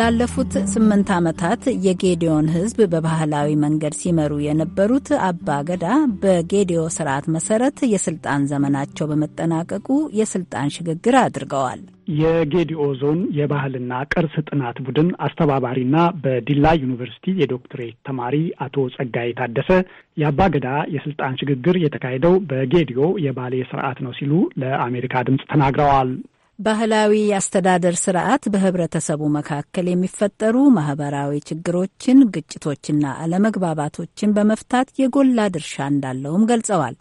ላለፉት ስምንት ዓመታት የጌዲዮን ሕዝብ በባህላዊ መንገድ ሲመሩ የነበሩት አባ ገዳ በጌዲዮ ስርዓት መሰረት የስልጣን ዘመናቸው በመጠናቀቁ የስልጣን ሽግግር አድርገዋል። የጌዲኦ ዞን የባህልና ቅርስ ጥናት ቡድን አስተባባሪና በዲላ ዩኒቨርሲቲ የዶክትሬት ተማሪ አቶ ጸጋይ ታደሰ የአባ ገዳ የስልጣን ሽግግር የተካሄደው በጌዲዮ የባሌ ስርዓት ነው ሲሉ ለአሜሪካ ድምፅ ተናግረዋል። ባህላዊ የአስተዳደር ስርዓት በህብረተሰቡ መካከል የሚፈጠሩ ማህበራዊ ችግሮችን፣ ግጭቶችና አለመግባባቶችን በመፍታት የጎላ ድርሻ እንዳለውም ገልጸዋል።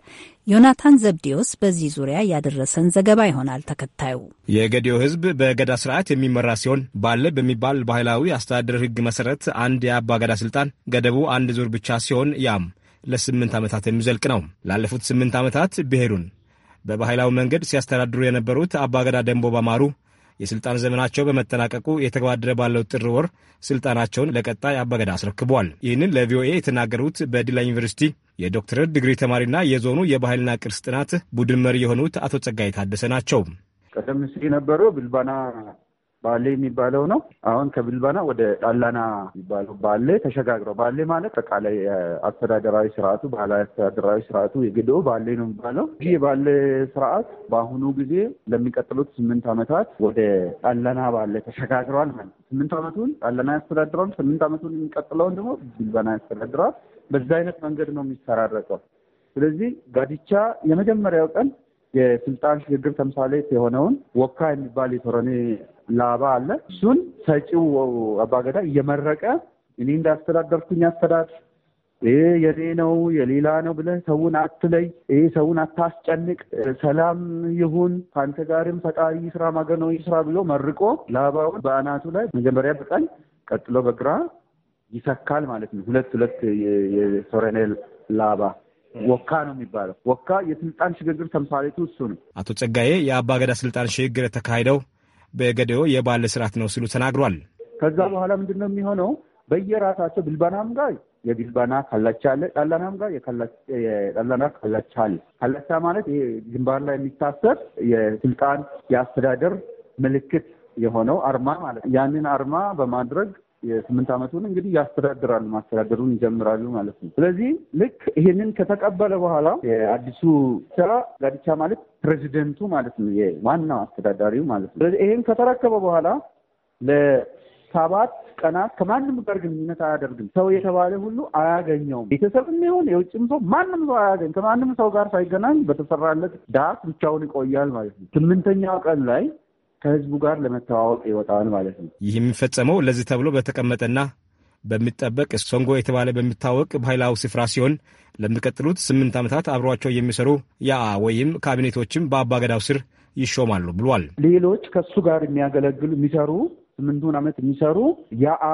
ዮናታን ዘብዲዮስ በዚህ ዙሪያ ያደረሰን ዘገባ ይሆናል ተከታዩ። የገዲዮ ህዝብ በገዳ ስርዓት የሚመራ ሲሆን ባለ በሚባል ባህላዊ አስተዳደር ህግ መሰረት አንድ የአባ ገዳ ስልጣን ገደቡ አንድ ዙር ብቻ ሲሆን ያም ለስምንት ዓመታት የሚዘልቅ ነው። ላለፉት ስምንት ዓመታት ብሔሩን በባህላዊ መንገድ ሲያስተዳድሩ የነበሩት አባገዳ ደንቦ ባማሩ የስልጣን ዘመናቸው በመጠናቀቁ የተገባደረ ባለው ጥር ወር ስልጣናቸውን ለቀጣይ አባገዳ አስረክቧል። ይህንን ለቪኦኤ የተናገሩት በዲላ ዩኒቨርሲቲ የዶክትሬት ዲግሪ ተማሪና የዞኑ የባህልና ቅርስ ጥናት ቡድን መሪ የሆኑት አቶ ጸጋይ ታደሰ ናቸው። ቀደም ሲል የነበረው ብልባና ባሌ የሚባለው ነው። አሁን ከብልባና ወደ ጣላና የሚባለው ባሌ ተሸጋግረው ባሌ ማለት አጠቃላይ አስተዳደራዊ ስርዓቱ ባህላዊ አስተዳደራዊ ስርዓቱ የገዶ ባሌ ነው የሚባለው። ይህ የባሌ ስርዓት በአሁኑ ጊዜ ለሚቀጥሉት ስምንት ዓመታት ወደ ጣላና ባሌ ተሸጋግረዋል ማለት ነው። ስምንት ዓመቱን ጣላና ያስተዳድረዋል። ስምንት ዓመቱን የሚቀጥለውን ደግሞ ብልባና ያስተዳድረዋል። በዛ አይነት መንገድ ነው የሚሰራረቀው። ስለዚህ ጋዲቻ የመጀመሪያው ቀን የስልጣን ሽግግር ተምሳሌት የሆነውን ወካ የሚባል የቶረኔ ላባ አለ። እሱን ሰጪው አባገዳ እየመረቀ እኔ እንዳስተዳደርኩኝ አስተዳድር፣ ይህ የኔ ነው የሌላ ነው ብለህ ሰውን አትለይ፣ ይህ ሰውን አታስጨንቅ፣ ሰላም ይሁን ከአንተ ጋርም ፈጣሪ ስራ ማገኖ ስራ ብሎ መርቆ ላባውን በአናቱ ላይ መጀመሪያ በቀኝ ቀጥሎ በግራ ይሰካል ማለት ነው። ሁለት ሁለት የሶረኔል ላባ ወካ ነው የሚባለው። ወካ የስልጣን ሽግግር ተምሳሌቱ እሱ ነው። አቶ ጸጋዬ የአባገዳ ስልጣን ሽግግር የተካሄደው በገዲዮ የባለ ስርዓት ነው ሲሉ ተናግሯል። ከዛ በኋላ ምንድን ነው የሚሆነው? በየራሳቸው ብልባናም ጋር የቢልባና ካላቻ አለ። ጋር የጣላና ካላቻ አለ። ካላቻ ማለት ይሄ ግንባር ላይ የሚታሰር የስልጣን የአስተዳደር ምልክት የሆነው አርማ ማለት ያንን አርማ በማድረግ የስምንት ዓመቱን እንግዲህ ያስተዳድራሉ ማስተዳደሩን ይጀምራሉ ማለት ነው። ስለዚህ ልክ ይሄንን ከተቀበለ በኋላ የአዲሱ ስራ ጋዲቻ ማለት ፕሬዚደንቱ ማለት ነው፣ የዋናው አስተዳዳሪው ማለት ነው። ስለዚህ ይሄን ከተረከበ በኋላ ለሰባት ቀናት ከማንም ጋር ግንኙነት አያደርግም። ሰው የተባለ ሁሉ አያገኘውም። ቤተሰብ የሚሆን የውጭም ሰው ማንም ሰው አያገኝ። ከማንም ሰው ጋር ሳይገናኝ በተሰራለት ዳስ ብቻውን ይቆያል ማለት ነው። ስምንተኛው ቀን ላይ ከህዝቡ ጋር ለመተዋወቅ ይወጣል ማለት ነው። ይህ የሚፈጸመው ለዚህ ተብሎ በተቀመጠና በሚጠበቅ ሶንጎ የተባለ በሚታወቅ ባህላዊ ስፍራ ሲሆን ለሚቀጥሉት ስምንት ዓመታት አብሯቸው የሚሰሩ ያ ወይም ካቢኔቶችም በአባገዳው ስር ይሾማሉ ብሏል። ሌሎች ከሱ ጋር የሚያገለግሉ የሚሰሩ ስምንቱን ዓመት የሚሰሩ ያአ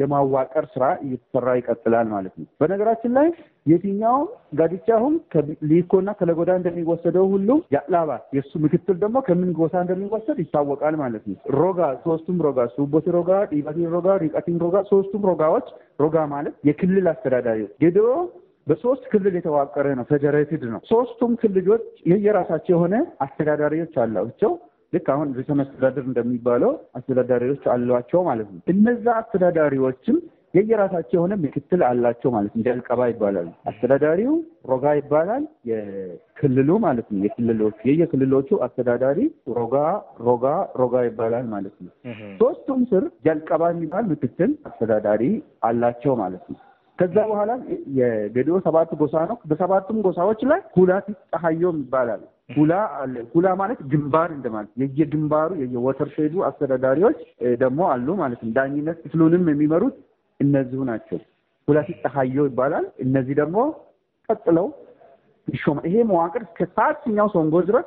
የማዋቀር ስራ እየተሰራ ይቀጥላል ማለት ነው። በነገራችን ላይ የትኛው ጋዲቻ አሁን ከሊኮና ከለጎዳ እንደሚወሰደው ሁሉ ያላባ የእሱ ምክትል ደግሞ ከምን ጎሳ እንደሚወሰድ ይታወቃል ማለት ነው። ሮጋ ሶስቱም ሮጋ ሱቦቲ ሮጋ፣ ዲባቲ ሮጋ፣ ሪቃቲን ሮጋ ሶስቱም ሮጋዎች ሮጋ ማለት የክልል አስተዳዳሪ ጌዶ በሶስት ክልል የተዋቀረ ነው። ፌዴሬትድ ነው። ሶስቱም ክልሎች የየራሳቸው የሆነ አስተዳዳሪዎች አላቸው። ልክ አሁን ርዕሰ መስተዳደር እንደሚባለው አስተዳዳሪዎች አሏቸው ማለት ነው። እነዛ አስተዳዳሪዎችም የየራሳቸው የሆነ ምክትል አላቸው ማለት ነው። ጀልቀባ ይባላል። አስተዳዳሪው ሮጋ ይባላል። የክልሉ ማለት ነው። የክልሎቹ የየክልሎቹ አስተዳዳሪ ሮጋ ሮጋ ሮጋ ይባላል ማለት ነው። ሶስቱም ስር ጀልቀባ የሚባል ምክትል አስተዳዳሪ አላቸው ማለት ነው። ከዛ በኋላ የገዲኦ ሰባት ጎሳ ነው። በሰባቱም ጎሳዎች ላይ ሁላት ጸሐዮም ይባላል። ጉላ አለ። ጉላ ማለት ግንባር እንደማለት የየግንባሩ የየወተርሼዱ አስተዳዳሪዎች ደግሞ አሉ ማለት ነው። ዳኝነት ክፍሉንም የሚመሩት እነዚሁ ናቸው። ጉላ ሲጠሀየው ይባላል። እነዚህ ደግሞ ቀጥለው ይሾማል። ይሄ መዋቅር እስከ ከታችኛው ሶንጎ ድረስ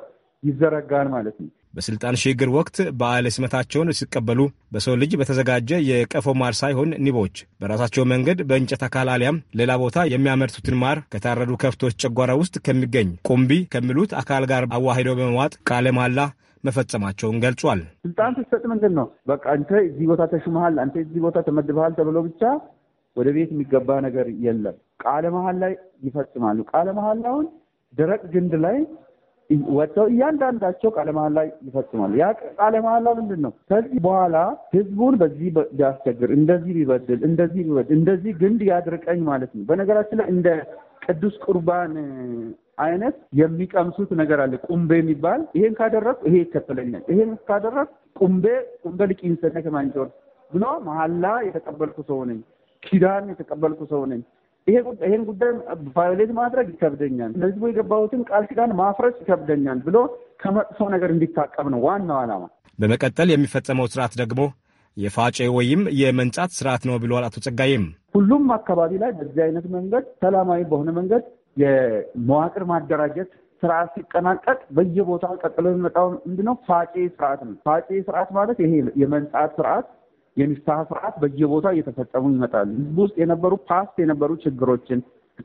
ይዘረጋል ማለት ነው። በስልጣን ሽግግር ወቅት በዓለ ሲመታቸውን ሲቀበሉ በሰው ልጅ በተዘጋጀ የቀፎ ማር ሳይሆን ንቦች በራሳቸው መንገድ በእንጨት አካል አሊያም ሌላ ቦታ የሚያመርቱትን ማር ከታረዱ ከብቶች ጨጓራ ውስጥ ከሚገኝ ቁምቢ ከሚሉት አካል ጋር አዋሂደው በመዋጥ ቃለ መሃላ መፈጸማቸውን ገልጿል። ስልጣን ስትሰጥ ምንድን ነው በቃ አንተ እዚህ ቦታ ተሹመሃል፣ አንተ እዚህ ቦታ ተመድበሃል ተብሎ ብቻ ወደ ቤት የሚገባ ነገር የለም። ቃለ መሃል ላይ ይፈጽማሉ። ቃለ መሃላውን ደረቅ ግንድ ላይ ወጥተው እያንዳንዳቸው ቃለ መሐላ ይፈጽማሉ። ያ ቃለ መሐላ ምንድን ነው? ከዚህ በኋላ ህዝቡን በዚህ ቢያስቸግር፣ እንደዚህ ቢበድል፣ እንደዚህ ቢበድል፣ እንደዚህ ግንድ ያድርቀኝ ማለት ነው። በነገራችን ላይ እንደ ቅዱስ ቁርባን አይነት የሚቀምሱት ነገር አለ። ቁምቤ የሚባል ይሄን ካደረግ ይሄ ይከተለኛል፣ ይሄን ካደረግ ቁምቤ ቁምቤ ልቂንሰነ ከማንጮር ብሎ መሐላ የተቀበልኩ ሰው ነኝ፣ ኪዳን የተቀበልኩ ሰው ነኝ፣ ይሄን ጉዳይ ቫዮሌት ማድረግ ይከብደኛል፣ ለህዝቡ የገባሁትን ቃል ኪዳን ማፍረስ ይከብደኛል ብሎ ከመጥፎ ነገር እንዲታቀብ ነው ዋናው ዓላማ። በመቀጠል የሚፈጸመው ስርዓት ደግሞ የፋጬ ወይም የመንጻት ስርዓት ነው ብለዋል አቶ ጸጋዬም። ሁሉም አካባቢ ላይ በዚህ አይነት መንገድ ሰላማዊ በሆነ መንገድ የመዋቅር ማደራጀት ስርዓት ሲቀናቀቅ በየቦታው ቀጥሎ የሚመጣው ምንድነው? ፋጬ ስርዓት ነው። ፋጬ ስርዓት ማለት ይሄ የመንጻት ስርዓት የሚፍትሐ ስርዓት በየቦታው እየተፈጸሙ ይመጣሉ። ህዝብ ውስጥ የነበሩ ፓስት የነበሩ ችግሮችን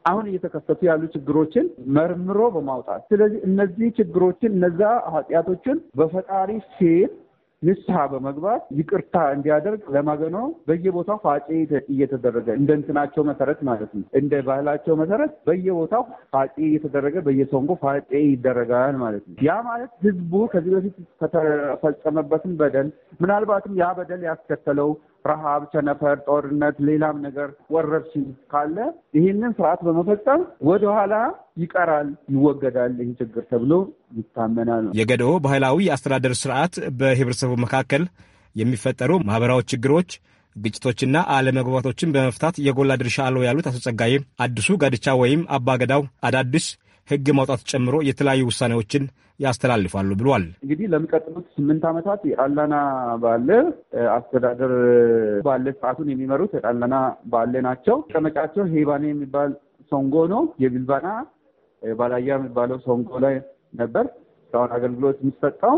አሁን እየተከሰቱ ያሉ ችግሮችን መርምሮ በማውጣት ስለዚህ እነዚህ ችግሮችን እነዛ ኃጢአቶችን በፈጣሪ ፊት ንስሐ በመግባት ይቅርታ እንዲያደርግ ለማገኖ በየቦታው ፋጬ እየተደረገ እንደ እንትናቸው መሰረት ማለት ነው፣ እንደ ባህላቸው መሰረት በየቦታው ፋጬ እየተደረገ በየሰንጎ ፋጬ ይደረጋል ማለት ነው። ያ ማለት ህዝቡ ከዚህ በፊት ከተፈጸመበትም በደል ምናልባትም ያ በደል ያስከተለው ረሃብ፣ ቸነፈር፣ ጦርነት፣ ሌላም ነገር ወረርሽኝ ካለ ይህንን ስርዓት በመፈጸም ወደኋላ ይቀራል፣ ይወገዳል ይህ ችግር ተብሎ ይታመናል። የገዶ ባህላዊ የአስተዳደር ስርዓት በህብረተሰቡ መካከል የሚፈጠሩ ማህበራዊ ችግሮች ግጭቶችና አለመግባባቶችን በመፍታት የጎላ ድርሻ አለው ያሉት አቶ ጸጋዬ አዲሱ ጋድቻ ወይም አባገዳው አዳዲስ ህግ ማውጣት ጨምሮ የተለያዩ ውሳኔዎችን ያስተላልፋሉ ብሏል። እንግዲህ ለሚቀጥሉት ስምንት ዓመታት የጣላና ባለ አስተዳደር ባለ ሰዓቱን የሚመሩት የጣላና ባለ ናቸው። ቀመጫቸው ሄባኔ የሚባል ሶንጎ ነው። የቢልባና ባላያ የሚባለው ሶንጎ ላይ ነበር እስካሁን አገልግሎት የሚሰጠው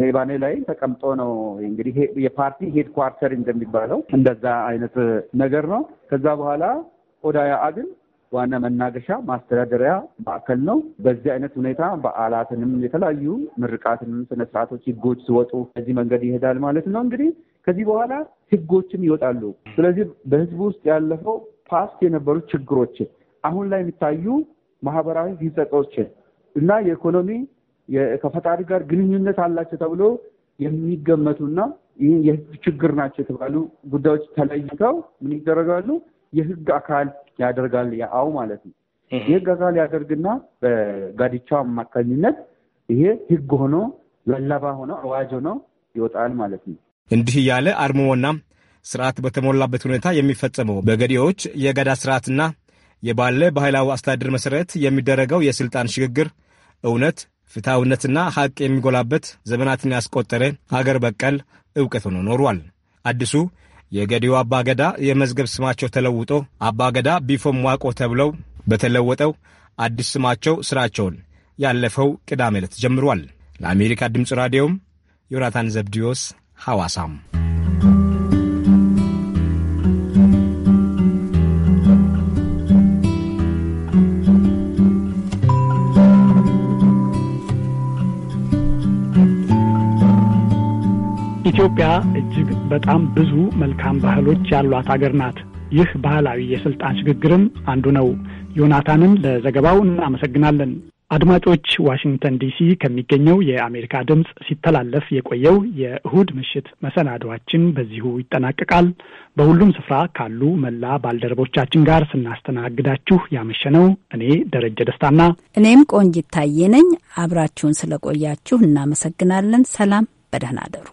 ሄባኔ ላይ ተቀምጦ ነው። እንግዲህ የፓርቲ ሄድኳርተር እንደሚባለው እንደዛ አይነት ነገር ነው። ከዛ በኋላ ኦዳያ አግን ዋና መናገሻ ማስተዳደሪያ ማዕከል ነው። በዚህ አይነት ሁኔታ በዓላትንም የተለያዩ ምርቃትንም ስነስርዓቶች፣ ህጎች ሲወጡ በዚህ መንገድ ይሄዳል ማለት ነው። እንግዲህ ከዚህ በኋላ ህጎችም ይወጣሉ። ስለዚህ በህዝቡ ውስጥ ያለፈው ፓስት የነበሩ ችግሮችን አሁን ላይ የሚታዩ ማህበራዊ ህጸጾችን እና የኢኮኖሚ ከፈጣሪ ጋር ግንኙነት አላቸው ተብሎ የሚገመቱና ይህ የህዝብ ችግር ናቸው የተባሉ ጉዳዮች ተለይተው ምን ይደረጋሉ? የህግ አካል ያደርጋል ያው ማለት ነው። የህግ አካል ያደርግና በጋዲቻ አማካኝነት ይሄ ህግ ሆኖ ለላባ ሆኖ አዋጅ ሆኖ ይወጣል ማለት ነው። እንዲህ እያለ አርምሞና ስርዓት በተሞላበት ሁኔታ የሚፈጸመው በገዲዎች የገዳ ስርዓትና የባለ ባህላዊ አስተዳደር መሰረት የሚደረገው የስልጣን ሽግግር እውነት ፍትሐዊነትና ሐቅ የሚጎላበት ዘመናትን ያስቆጠረ አገር በቀል እውቀት ሆኖ ኖሯል። አዲሱ የገዲው አባገዳ የመዝገብ ስማቸው ተለውጦ አባገዳ ቢፎም ዋቆ ተብለው በተለወጠው አዲስ ስማቸው ስራቸውን ያለፈው ቅዳሜ ዕለት ጀምሯል። ለአሜሪካ ድምፅ ራዲዮም ዮናታን ዘብዲዮስ ሐዋሳም ኢትዮጵያ እጅግ በጣም ብዙ መልካም ባህሎች ያሏት አገር ናት። ይህ ባህላዊ የስልጣን ሽግግርም አንዱ ነው። ዮናታንን ለዘገባው እናመሰግናለን። አድማጮች፣ ዋሽንግተን ዲሲ ከሚገኘው የአሜሪካ ድምፅ ሲተላለፍ የቆየው የእሁድ ምሽት መሰናዶችን በዚሁ ይጠናቀቃል። በሁሉም ስፍራ ካሉ መላ ባልደረቦቻችን ጋር ስናስተናግዳችሁ ያመሸነው እኔ ደረጀ ደስታና እኔም ቆንጂት ታዬ ነኝ። አብራችሁን ስለቆያችሁ እናመሰግናለን። ሰላም፣ በደህና አደሩ።